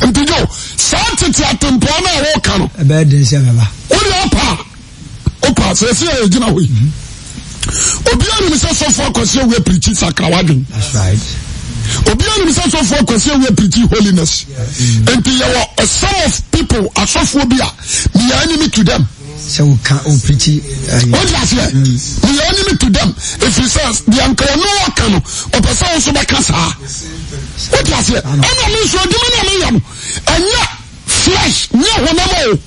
Speaker 2: nti jo saa tete atempɔn no a wɔka no wode ɔpa wopa sɛsɛ yɛ gyina hɔ yi mhm. obiara nim sɛ sɔfoɔ akɔse awie pirikyi sakrawadwen obiara nim sɛ sɔfoɔ akɔse awie pirikyi holiness nti yɛwɔ a sum of people asɔfoɔ bi a meyɛ enemy to them sɛ woka wopirikyi wode aseɛ meyɛ wo mm. nimi to dam ɛfiri sɛ deɛ nka ɔno wɔka no ɔpɛ sɛ wo nso bɛka saa wode aseɛ ɛna me nso adwuma no a meyɛ no ɛnyɛ flesh nyɛ honam o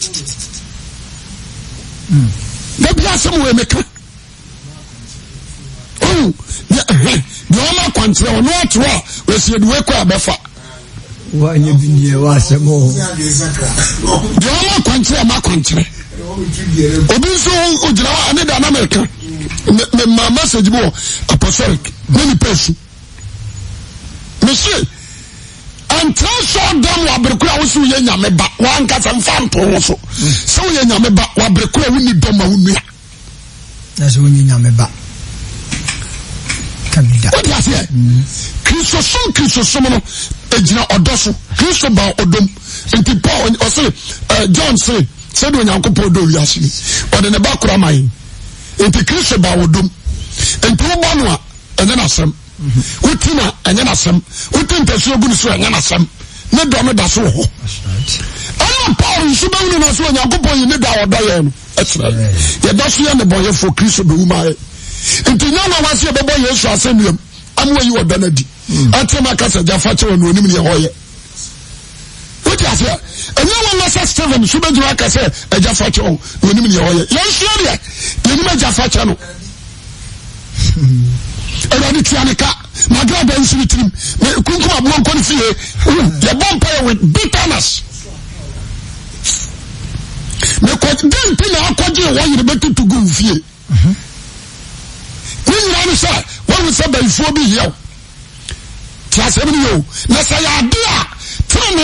Speaker 2: mm. da bia asɛm wɔ meka deɛ ɔma akwankyerɛ ɔno atorɔ a wɔsiaduwe kɔ a bɛfa wanyɛ
Speaker 1: bi neɛ wɔ asɛm
Speaker 2: deɛ ɔma akwankyerɛ ma akwankyerɛ obi nso ogyina hɔ ne da anamɛka mema message bi wɔ apostolic ne nipa asu mese ɛntra sɛ ɔdam wabere kora wo sɛ woyɛ nyame ba wankasa mfa nto ho so sɛ woyɛ nyame ba wabere kora wonni dɔ ma wo nua wode aseɛ kristosom kristosom no ɛgyina ɔdɔ so kristo ba ɔdom nti paul ɔse eh, john sere sɛde onyankopɔn dɔ wiase yi ɔde ne ba kora ma nti kristo ba wo dom nti wobɔ no a ɛnyɛ n'asɛm woti na ɛnyɛ n'asɛm woti ntɛsi egu ne so ɛnyɛ n'asɛm ne dɔ no da so wɔ hɔ ɛna paul nso bɛn ne na so onyankopɔn yi ne dɔ a ɔdɔ yɛ no ɛkyerɛ yɛda so yɛ ne kristo bɛ wuma yɛ nti nyɛ na wase yɛbɛbɔ yesu asɛnnuam amoa yi wɔ dɔ no adi ɛtɛm mm. akasa gya kyɛ wɔ no onim ne yɛ yɛ aseɛ ɛnyɛ wɔn na sɛ steven nso bɛgyina aka sɛ agya fa kyerɛ wo na onim neɛ ɔyɛ yɛn nhyia deɛ yɛnim agya fa kyerɛ no awurade tua ne ka madra bɛ nso ne tirim kunkum aboɔ nkɔ ne fie yɛbɔ mpa yɛ with bitterness mekɔ den pi na akɔgye wɔ yere bɛtutu gu fie ne nyinaa no sɛ wɔn sɛ bɛyifuo bi yɛw te asɛm ne yɛ o na sɛ yɛ ade a tene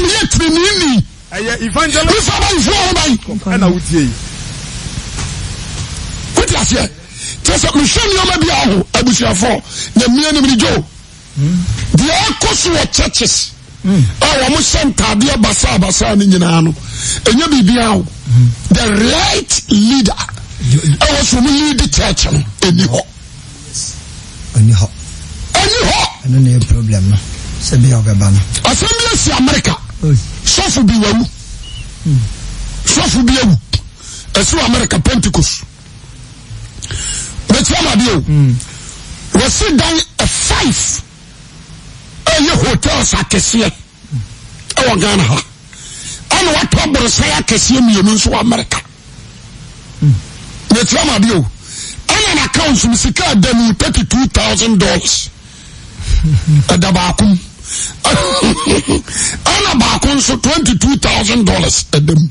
Speaker 2: Abraham yẹ tirinini. Ẹyẹ evangelist. Ifá bá ifá wọn báyìí. ti a sọ mi sọ nneọma bi ahu abusuafo na mmea ni jo. Deɛ ɔkɔ wɔ churches a wɔn hyɛ ntaadeɛ basabasa ne nyinaa no ɛnyɛ
Speaker 1: biribi ahu. Hmm. The right leader ɛwɔ so mu lead church no ɛni hɔ. Ɛni hɔ. Ɛni hɔ. Ɛno na yɛ problem no. Sɛ a ɔbɛba sofo biwaw
Speaker 2: sfo bi awu asee america pentecost metamab wsedan 5 aye hotels akesɛ gnha neata brs akesɛ mmie soamerica metamab mm. ɛnen acosmsikadan 32 u ollars dabakom ɛna baako nso twenty two thousand dollars ɛdɛm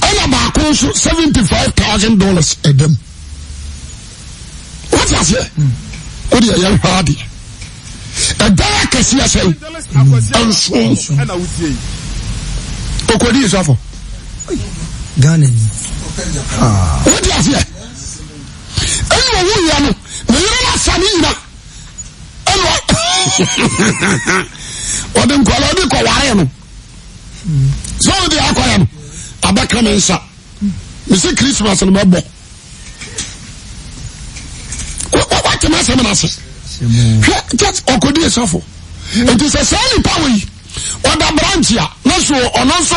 Speaker 2: ɛna baako nso seventy five thousand dollars ɛdɛm wọ́n ti aseɛ o de ɛyɛ hwɛ adi ɛdan
Speaker 1: akɛse asɛn ɛnso okodi isafo. Ghana ni. wọ́n ti aseɛ
Speaker 2: ɛna owó yẹn no mɛ yẹn na sanni yina ɔde nkɔla ɔde kɔware no sɛ ɔde akɔyɛ no abɛka me nsa mese christmas no mɛbɔ woatema asɛm no ase hwɛ jet ɔkɔdi ɛsɛfo nti sɛ saa nipa wei ɔda branch a na so ɔno nso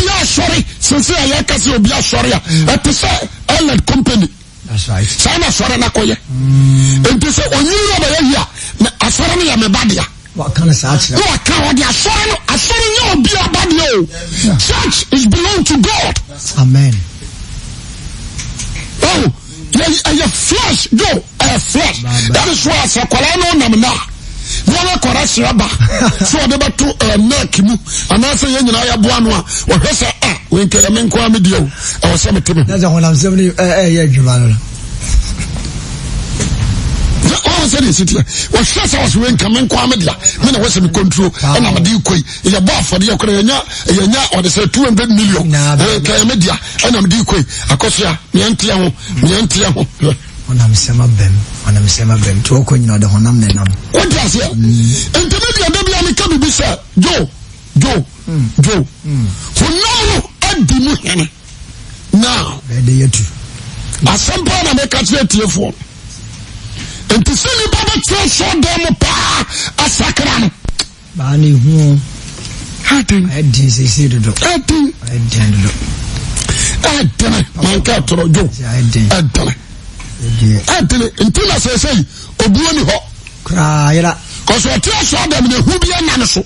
Speaker 1: asɔre sese a yɛka sɛ obi asɔre a
Speaker 2: mm. ɛte sɛ ɛlɛd company saa na asɔre no akɔyɛ enti mm. sɛ ɔnyini no ɔbɛyɛ yi a asɔre no yɛ me badea waka wɔde asɔre no asɔre nyɛ obi abadeɛ o church is belong to god amen oh, ɛyɛ flesh do ɛyɛ flesh that is why sɛ kwalaa no ɔnam naa nneɛma kɔra hyerɛ ba sɛ wɔde bɛto nek mu anaasɛ yɛn nyinaa yɛboa no a wɔhwɛ sɛ ah, a wenkɛ ɛme nko a medeɛ o ɛwɔ sɛ mete me ɔn sɛ deɛ sitiɛ wɔhwɛ sɛ wɔsɛ wenka me nko a mede a mene wɔsɛ me kontro ɛna mede kɔi yɛbɔ afɔdeɛ kora yɛnya yɛnya ɔde sɛ 200 million ɛkɛyɛ medea ɛna mede kɔi
Speaker 1: akɔ so a meɛnteɛ ho meɛnteɛ ho ɔnamsɛm abɛm on a tí wɔkɔ nyina ɔde honam na ɛnam. o on mm. a ntoma di ɔbɛ bi a ne ka bibi sɛ jo
Speaker 2: jo mm. jo mm. honam no adi mu hene na bɛɛde na nti sɛ nipa a
Speaker 1: mu paa baa ne hu o. adin adin sisi dodo. adin adin dodo. adin
Speaker 2: manka toro jo adin. ɛntini eh, nti na sɛ sɛyi obuo ni hɔ. koraa yɛrɛ. kɔsɔ ɔtí ɛsɔ dɛm ni ehu bi ɛnam so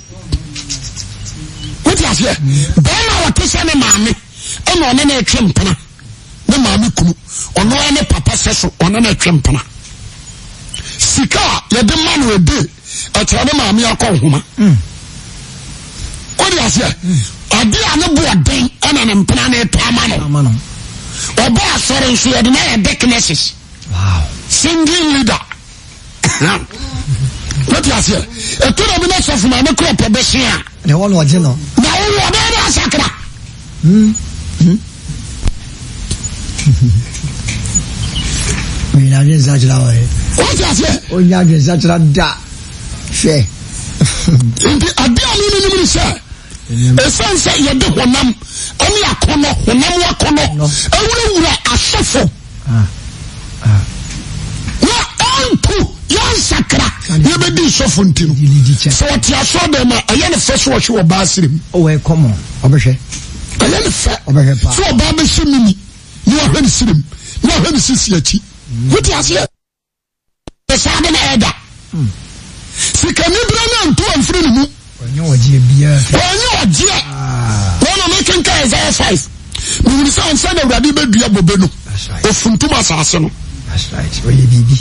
Speaker 2: wotu aseɛ bɛrima a wɔte sɛ ne maame ɛna ɔne ne etwe mpana ne maame kunu ɔno ɛne papa sɛ so ɔne ne etwe mpana sika a yɛde ma no ede ɛkyerɛ ne maame akɔ nhoma mm. wotu aseɛ ade a ne bo ɔden ɛna ne mpana ne eto ama no ɔbɔ asɔre nso yɛde na yɛ de kinesis wow. singing leader wọ́n ti àṣeyẹ ètò náà bí náà sọ fún mi àmì kúrò pẹ̀ bẹ́ ṣe à.
Speaker 1: na wọn lọ ọjẹ náà.
Speaker 2: na wọn lọ ọbẹ̀ yẹn asakira.
Speaker 1: oyinna adé nsakira wọ̀ yẹ. wọ́n ti àṣeyẹ. oyinna adé nsakira da fẹ́. nti adé àmì ni mímu sẹ́ esan sẹ yẹde honam ẹni akɔnɔ honam akɔnɔ
Speaker 2: ewúrẹ wúrẹ asọfọ. Ah. sɔfo nti no sɛ wɔte asɔ dɛm a ɛyɛ ne fɛ so wɔhwe wɔ baa serɛ mu ɛyɛ ne fɛ sɛ ɔbaa bɛhyɛ mimi ne wahwɛ ne serɛ mu ne wahwɛ ne sisi akyi mm. wote aseɛ ɛ saa de na ɛda mm. sikani berɛ no anto amfiri ne mu
Speaker 1: ɔnyɛ
Speaker 2: ɔgyeɛ ah. wɔna mekenka isaia 5 mewuri sɛ ɔnsɛ na awurade bɛdua bobe no ɔfuntum asase no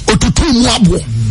Speaker 2: ɔtutu mu aboɔ mm.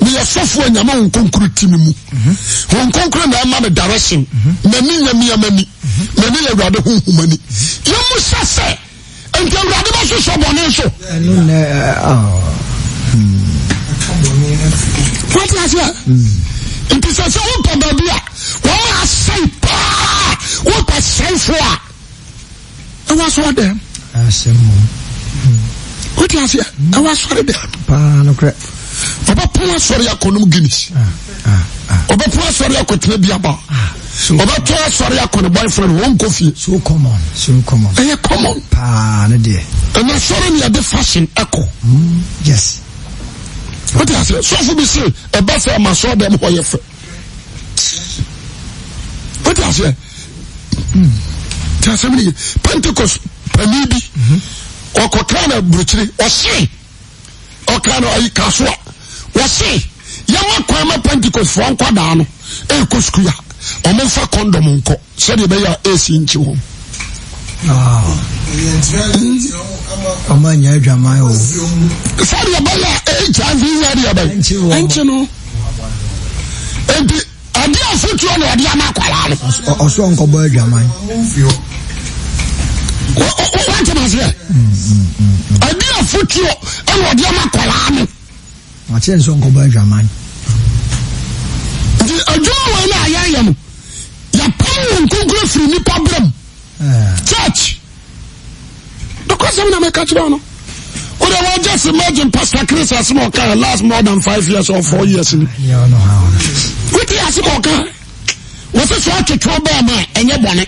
Speaker 2: meyɛ sɔfoɔ nyame wo nkonkuro timi mu wo nkonkuro na ɛma me direction m'ani nya miama ni m'ani yɛ awurade honhoma ni yɛmu sɛ sɛ
Speaker 1: nti awurade bɛsosɔ bɔne so woteaseɛ
Speaker 2: nti sɛ sɛ wopɛ baabi a wɔma
Speaker 1: asɛe paa wopɛ sɛefoɔ a ɛwɔ asɔre dɛm woteaseɛ ɛwɔ asɔre dɛm
Speaker 2: ɔbɛpon asɔre akɔnom guinness ɔbɛpon ah, ah, ah. asɔre akɔtena bi aba
Speaker 1: ɔbɛto asɔre akɔ boyfriend wɔn nkɔ fie. so common so common. ɛyɛ common. paa ne deɛ. ɛna sɔre ni yɛde fashion ɛkɔ. Hmm, yes.
Speaker 2: o de ase sɔfo bi se ɛba fɛ ɛma sɔ dɛm hɔ yɛ fɛ o de ase hmm. te asɛm ni yɛ pentecost panin bi mhm. ɔkɔ kan na burukyiri ɔsee ɔkan na ɔyi kasuwa wɔse yɛma kwan ma pentecostefoɔ nkɔdaa no ɛɛkɔ sukuu a ɔmomfa kɔndɔm nkɔ sɛdeɛ ɛbɛyɛ a ɛsi nkyi hɔ
Speaker 1: sɛdeɛ
Speaker 2: ɛbɛyɛ a hiv
Speaker 1: yɛdeɛ bɛyɛ ɛnkyi no enti ade afotuo na ɔde ama akwalaa no ɔsoɔ nkɔbɔ adwaman wate maseɛ ade afotuo ɛna ɔde ama akwalaa no wakyerɛ nso nkɔbɔ adwaman nti adwuma wɔ a yɛayɛ no yɛpam wɔ nkonkuro firi nnipa berɛm church
Speaker 2: dɔkɔ sɛm na mɛka kyerɛ no wode wɔgya se margin pastor chris asɛm a ɔkaa last more than five years or four years no wote asɛm a ɔkaa wɔ sɛ sɛ ɔtwetwerɛ bɛɛ ma ɛnyɛ bɔne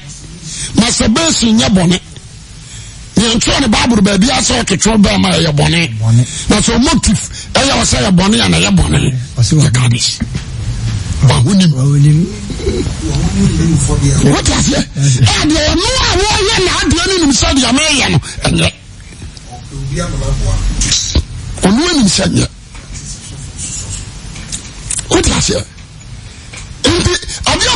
Speaker 2: masturbation nyɛ bɔne yɛnkyerɛ ne bible baabi asɛ yɛketwerɛ bɛɛ ma ɛyɛ bɔne na sɛ motive ɛyɛ wɔ sɛ yɛ bɔne
Speaker 1: a na ɛyɛ bɔne yɛkades wahonim wote aseɛ
Speaker 2: ɛdeɛ ɛno a wɔyɛ na adeɛ no nim sɛ deɛ meyɛ no ɛnyɛ ɔno anim sɛ nyɛ wote aseɛ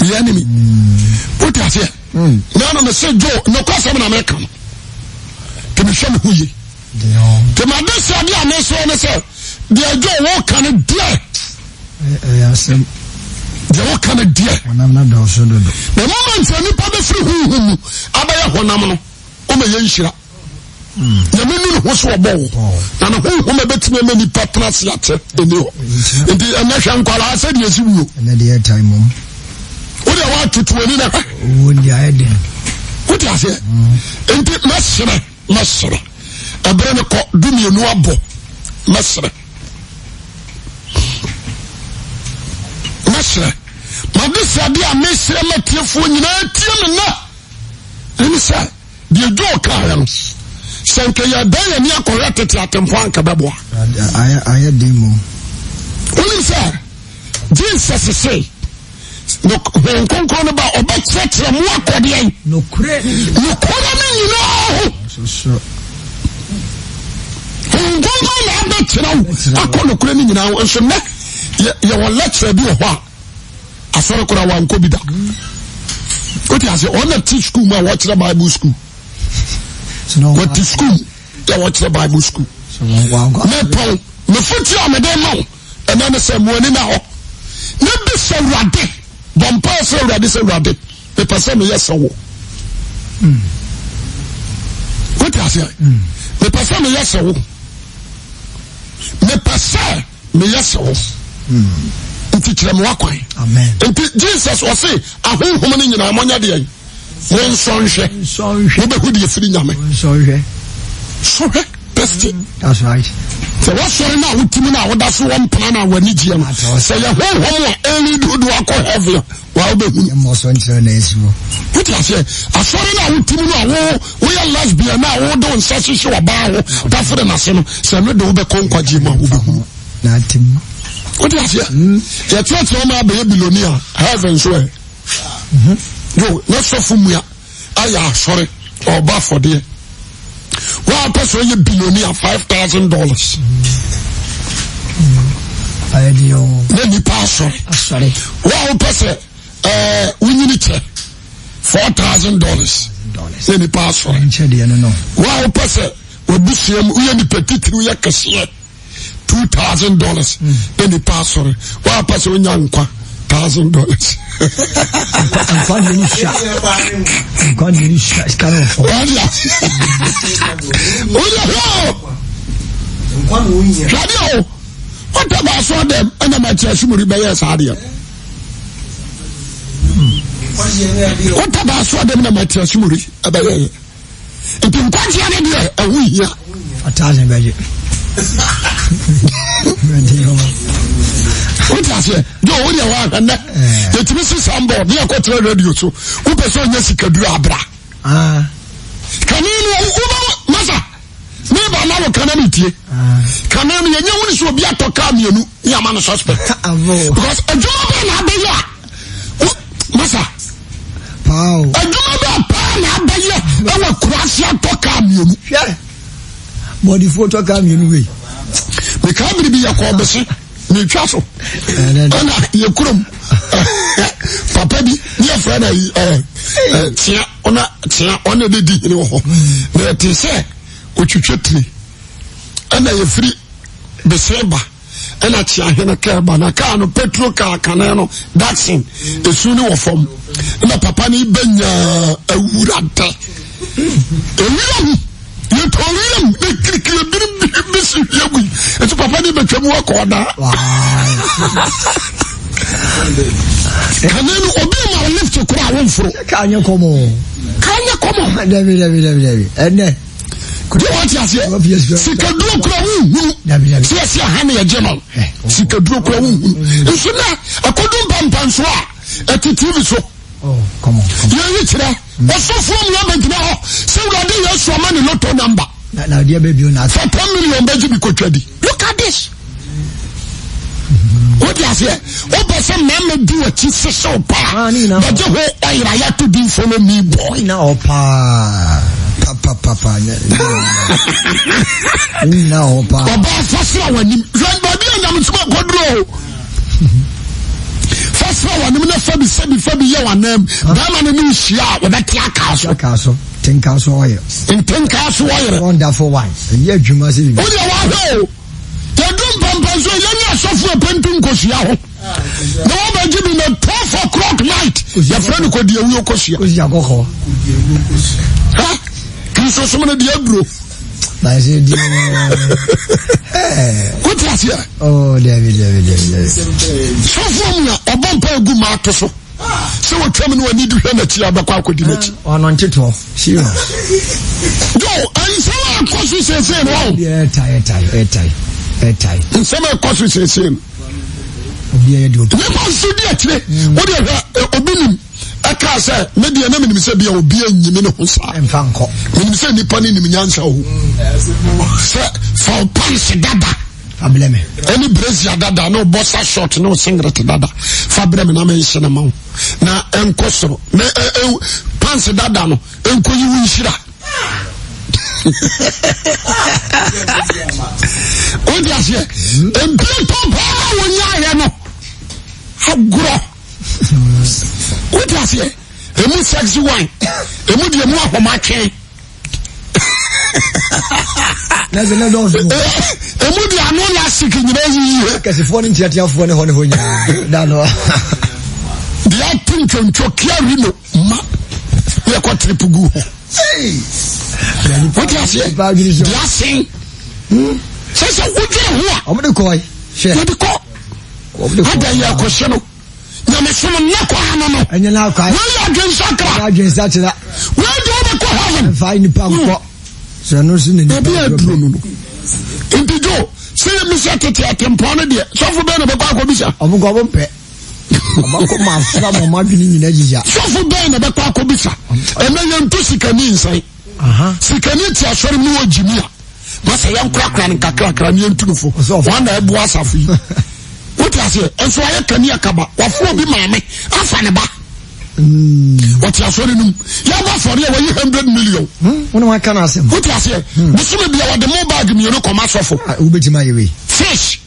Speaker 2: the enemy hmm. o ti aseɛ nanu mi se jo nnukwu asɛm na mi kan tèmi hwɛ mi hu yi tèmi adi sɛ adi a mi sɔ ne sɛ deɛ jo wo kan ne deɛ deɛ wo kan ne deɛ na mama nfa nipa bɛ firi huhu mu abɛyɛ honam no o ma yɛ nhyira nyame nu ne ho so ɔbɔ wo na ne honhom bɛtumi ma nipa tena ase atɛ ɛni hɔ nti ɛnɛ hwɛ nkwalaa sɛdeɛ si wuo o de wa tutu wani na. wo ni ayɛ den. o ti a seɛ nti mɛsirɛ mɛsirɛ ɛbɛrɛ ni kɔ dumienu abɔ mɛsirɛ mɛsirɛ made sɛ de a mesrɛ ma tiefoɔ nyinaa tie me na ɛne sɛ deɛ dwo kaeɛ no sɛ nka yɛdan yɛne akɔhwɛ tete atempo anka bɛboa wonim sɛ jesus sei hon kronkron no ba ɔbɛkyerɛkyerɛ mu akɔdeɛ nokorɛ no nyinaa ho hon kronkron na ɛbɛkyerɛ wo akɔ nokorɛ no nyinaa ho nso nnɛ yɛwɔ lecture bi wɔ hɔ a asɔre kora wankɔ bi da wote ase ɔna te school mu a wɔkyerɛ bible school wɔte school yɛ wɔkyerɛ bible school mepɔn mefotiri a mede ma wo ɛnɛ e ne sɛ mmuani na hɔ ne bi sɛ wurade Bon pa e se rade se rade, me pa se me ye sa ou. Kout ya se. Me pa se me ye sa ou. Me pa se me ye sa ou. Yon e ti chile mwa kwen. Yon e ti, Jesus wase, a hou koumeni nye nan mwanya diyen.
Speaker 1: Yon sonje.
Speaker 2: Mwenbe kou diye fide nyame. Yon sonje. Sonje. testy. that's right. sɛ wɔsɔre no a wotumi no a woda so wɔ mpena no a w'ani gyeɛ no sɛ yɛ honhom a ɛni dodo akɔ heaven a waa wobɛhu wote aseɛ asɔre no a wotumi no a woyɛ lesbian no a wode wo nsa hyehyɛ wɔbaa ho dafere nase no sɛ no de wobɛkɔ nkwagye mu a wobɛhu wote aseɛ hmm. yɛteatea ma abɛyɛ biloni a heaven so ɛ mhm. yo ne sɔfo mua ayɛ asɔre ɔba afɔdeɛ wo wo pɛ sɛ woyɛ binomi a 5000 olas ne nipa asɔre wo a wo pɛ sɛ woyini kyɛ 4000 ollarsne nipa asɔre wa a wo pɛ sɛ wabusua m woyɛ nipa titiri woyɛ keseɛ 2000 ollars mm. ne nipa asɔre wo awopɛ sɛ wonya nkwa entrepreneurialism. wn kwa Djonye
Speaker 1: ケ na asya. mwan Djonye e its kaSubal осorot. ja.
Speaker 2: mwenkou. mwenkou nwenye viye. yo papè bak e yon graduate piwan mwen fundamentalist alas ye. axe r google at swa gen thisinin mwen supernaturalistbe jengeway. mwenkou byan les investment. fenap h increasing, Newеждуningres.org wote aseɛ de wo deɛ woahwɛ nnɛ yɛtumi se saa mbɔ ne yɛkɔtrɛ radio so wopɛ sɛ ɔnya sikaduru abra kane no woba masa meba na wo kana no tie kane no yɛnyɛ wone sɛ obi atɔ kaa mmienu ne ama no suspect because adwuma bɛɛ na abɛyɛ a masa
Speaker 1: adwuma bɛɛ paa na abɛyɛ ɛwɔ kurase atɔ kaa mmienu bɔdifoɔ tɔ kaa mmienu wei mekaa biribi yɛkɔɔ bese metwa so ɛna yɛ kurom papa bi ne yɛfrɛ na
Speaker 2: yi eh, eh, tea ɔna tea ɔna de di hene wɔ hɔ na yɛte sɛ otwitwa tiri ɛna yɛfiri besee ba ɛna tea hene kaa ba na kaa no petro kaa kane no daksen esu ne wɔ fam ɛna papa ne bɛ nyaa awura ntɛ ewura ho yɛtɔ wiem ne kirikiri biri bi si fie gui ɛti papa ne bɛtwa mu wakɔ daa
Speaker 1: kane no obi ma lift koro a womforo kanyɛ kɔmɔ kanyɛ kɔmɔ dabi dabi dabi dabi ɛnɛ wọ́n sikaduro kura wuhuru siyasi ahani yɛ jɛnɔ sikaduro
Speaker 2: kura wuhuru nso na akodu mpampanso a ɛti tiivi so
Speaker 1: yɛn oh, yi kyerɛ ɔsɔfoɔ mu abɛgyina hɔ sɛ wurade yɛ su ɔma ne lotto number na adeɛ bɛ bi o ten million bɛ jibi ko twɛ di look at this. Mm-hmm. o di aseɛ o bɛ sɛ mɛmɛ di o ti sisi o paa bɛjɛ ho ɔyira ya to di fɔlɔ mi bɔ. na o paa papapapa baabi
Speaker 2: a nyamusuma kɔ asra wɔnem ne fa bi sɛ fa bi yɛ wɔnam bɛrima
Speaker 1: no ne nhyia a wɔbɛte aka so ntenka so wɔyɛ ntenka so wɔyɛ wonderful wise wahwɛ o yɛdu mpampa so yɛne asɔfo apɛntu nkosua ho na wɔbɛgye bi na 12 o'clock night yɛfrɛ no kɔdeawuo kosua kosua kɔkɔ som no deɛ aduro na ɛsɛ di kote aseɛ sɔfoɔ
Speaker 2: mu a ɔbɔ mpa agu ma ato so sɛ wɔtwa mu ne wani di
Speaker 1: hwɛ n'akyi abɛkɔ akɔdi n'akyi ɔno ntetɔ siro yo nsɛm
Speaker 2: akɔ so seesei no nsɛm akɔ so seesei
Speaker 1: no
Speaker 2: nipa nso di akyire wode hwɛ obi nim ɛka sɛ medeɛ na menim sɛ bia obia nyimi ne ho saa menim sɛ nnipa no nim nyansa o sɛ fa panse dada ɛne brasia dada ne wobɔ sa short ne wo singret dada fa berɛ me na menhye ne ma wo na ɛnkɔ soro na panse dada no ɛnkɔ yi wo nhyira wode aseɛ mpie tɔmpaa wonyaayɛ no agorɔ wote aseɛ ɛmu sexy wine ɛmu deɛ mu ahomatwe ɛmu
Speaker 1: eh, eh, deɛ ano lastic nyina yiyie kɛsefoɔ no nteateafoɔ ne hɔ ne hɔ nyinaa da no deɛ ate ntwontwo kia rino ma yɛkɔ tripe gu ho wote aseɛ deɛ asen sɛ sɛ wodwene ho a wɔde kɔ ada yɛ akɔhyɛ no nyamesom nna kwaa no hmm. no woyɛ adwensa kra wode wobɛkɔ heaven nti jo sɛ yɛ mesɛ tete atempɔn no deɛ sɔfo bɛɛ na bɛkɔ akɔbisa sɔfo
Speaker 2: bɛɛ na bɛkɔ akɔbisa ɛnɛ yɛnto sikani nsɛn sikani te asɔre mu wɔ gyimi a na sɛ yɛnkorakora no nkakrakra ne yɛntu no fo wɔna ɛboa asafo yi wote aseɛ ɛnso ayɛ kanea kaba wafoɔ bi maame afa ne ba
Speaker 1: hmm. wɔte asɔre no mu yɛba afɔre a wɔyi hundred million wone waka no asɛm wote aseɛ bosome bia wɔde mo bag mmienu kɔma asɔfo wobɛgyima yɛwei fish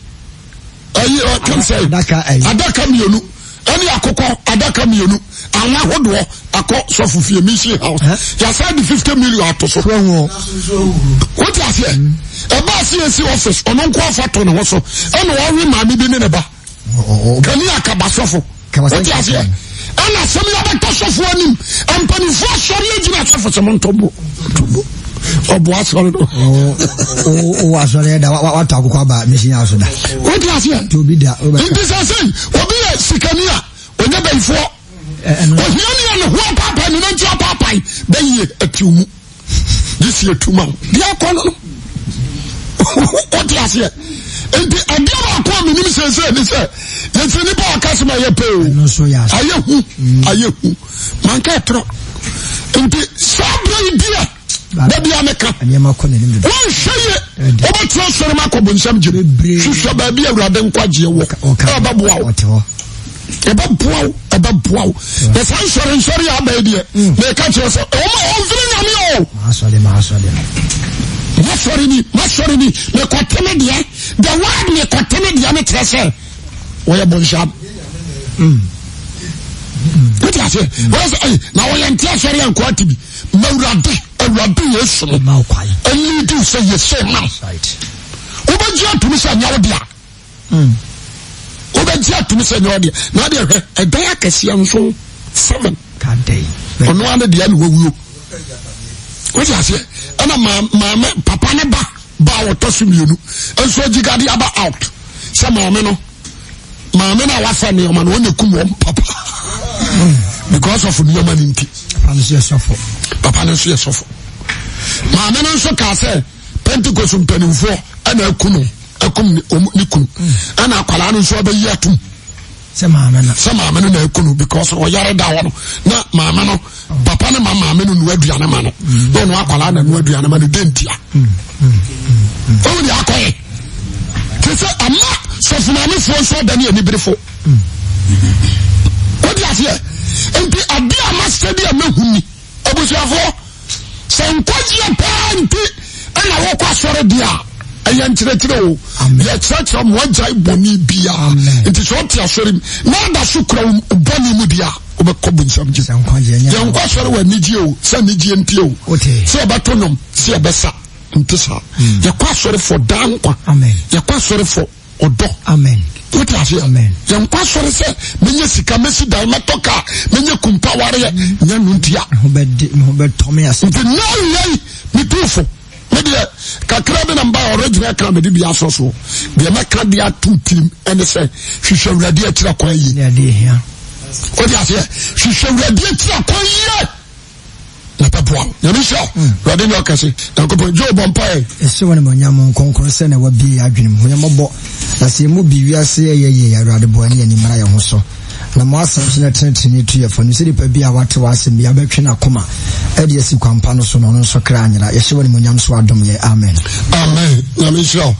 Speaker 1: ɛyikam
Speaker 2: sɛ adaka mmienu eh. ɛne akokɔ adaka mmienu awa ahodoɔ akɔ sɔfo fie mission house yɛasa de 50 million ato so wote aseɛ ɛba cac office ɔno nko afa to ne ho so ɛna ɔwe maame bi ne ne ba kani akaba sɔfo wote aseɛ ɛna asɛm yi abɛtɔ sɔfo anim mpanimfoɔ asɔre agyina sɔfo sɛ montɔmbo
Speaker 1: ɔboa asɔre no wowɔ asɔre da watɔ akokɔ aba mesinya so da wote aseɛ nti sɛ sei obi yɛ sikani a ɔnyɛ bɛyifoɔ ohia ne a ne
Speaker 2: ho apaapae ne nanti apaapae bɛyie atiw mu gye si atum a deɛ akɔ no no wote aseɛ nti adeɛ baako a menim seesei ne sɛ yɛsɛ nipa ɔka se ma yɛ pɛo ayɛ hu ayɛ hu manka ɛtorɔ nti saa berɛ yi deɛ dabia meka wonhwɛ ye wobɛtena sɔre ma akɔ bonsam gyem hwehwɛ baabi awurade nkɔ agyeɛ wɔ ɛbɛboa wo ɛbɛboa wo ɛbɛboa wo na saa nsɔre nsɔre yɛ abɛɛ deɛ na ɛka kyerɛ sɛ ɔma ɔmfiri nyame o masɔre ni masɔre ni mekɔteme deɛ the word mekɔteme deɛ ne kyerɛ sɛ wɔyɛ bɔnhyam hmm. wote aseɛ hmm. wɔyɛ sɛ ɛyi na wɔyɛ nte asɔre yɛ nkɔɔ ti bi mawurade awurade yɛ sono ɛnidi sɛ yɛ sɛ nam wobɛgye atumi sɛ nyɛ wo dea hmm wobɛgye atumi sɛ nyɛ ɔdeɛ na adeɛ hwɛ ɛdan akɛseɛ nso seven ɔno ara ne deɛ ne wawuo wode aseɛ ɛna maame papa ne ba ba wɔtɔ so mmienu ɛnso agyigade aba out sɛ maame no maame no a wafa nneɛma no ɔnyɛ kum wɔm papa because of nneɛma no nti papa no nso yɛ sɔfo maame no nso kaa sɛ pentecost mpanimfoɔ ɛna aku no ɛkum ne kunu ɛna akwadaa no nso ɔbɛyi atum sɛ maame no na ɛku no because ɔyare da hɔ no na maame no papa ne ma maame no nua aduane ma no na ɔno akwadaa na nua aduane ma no dentia ɔwɔ de akɔyɛ te sɛ ama sɔfunamifoɔ nso ɔda ne aniberefo wodi aseɛ nti ade a masɛ bi a mahu ni abusuafoɔ sɛ nkɔgyeɛ paa nti ɛna wɔkɔ asɔre deɛ a ɛyɛ nkyerɛkyerɛ o yɛkyerɛkyerɛ mo wagyae bɔne biaa nti sɛ wote asɔre mu na ada so kura bɔne mu deɛ a wobɛkɔ bonsam gye
Speaker 1: yɛnkɔ asɔre
Speaker 2: wɔ anigye o sɛ anigye mpie o sɛ yɛbɛto nnwom sɛ yɛbɛsa nti saa yɛkɔ asɔre fɔ daa nkwa yɛkɔ asɔre fɔ ɔdɔ wote aseɛ yɛnkɔ asɔre sɛ mɛnyɛ sika mɛsi dan mɛtɔ kaa mɛnyɛ kumpa wareɛ nyɛ no ntia nti na yɛi metofo deɛ kakra bi na mba original kra mede bi asɔ soɔ deɛ mɛka de ato tirim ɛne sɛ hwehwɛ awurade akyira kwan yi wode aseɛ hwehwɛ awurade akyira kwan yie
Speaker 1: nabɛboa wo nyame hyɛ hmm. awurade ne ɔkɛse nyankopɔn gye wobɔ mpaɛ ɛhyɛ wo ne manyam nkɔnkɔn sɛ na wabie adwene mu hoyɛmmɔbɔ na sɛ ɛmu bi wiase ɛyɛyɛ awurade boa ne animara yɛ ho so na mo asɛm so no tenetene tu yɛfa no sɛ nipa bi a wate w'asɛm bi abɛtwe no akoma ɛde asi kwampa no so no ɔno nso kra anyera yɛhyɛ wɔ nemonyam so adom yɛ amen
Speaker 2: amen na
Speaker 1: nhyira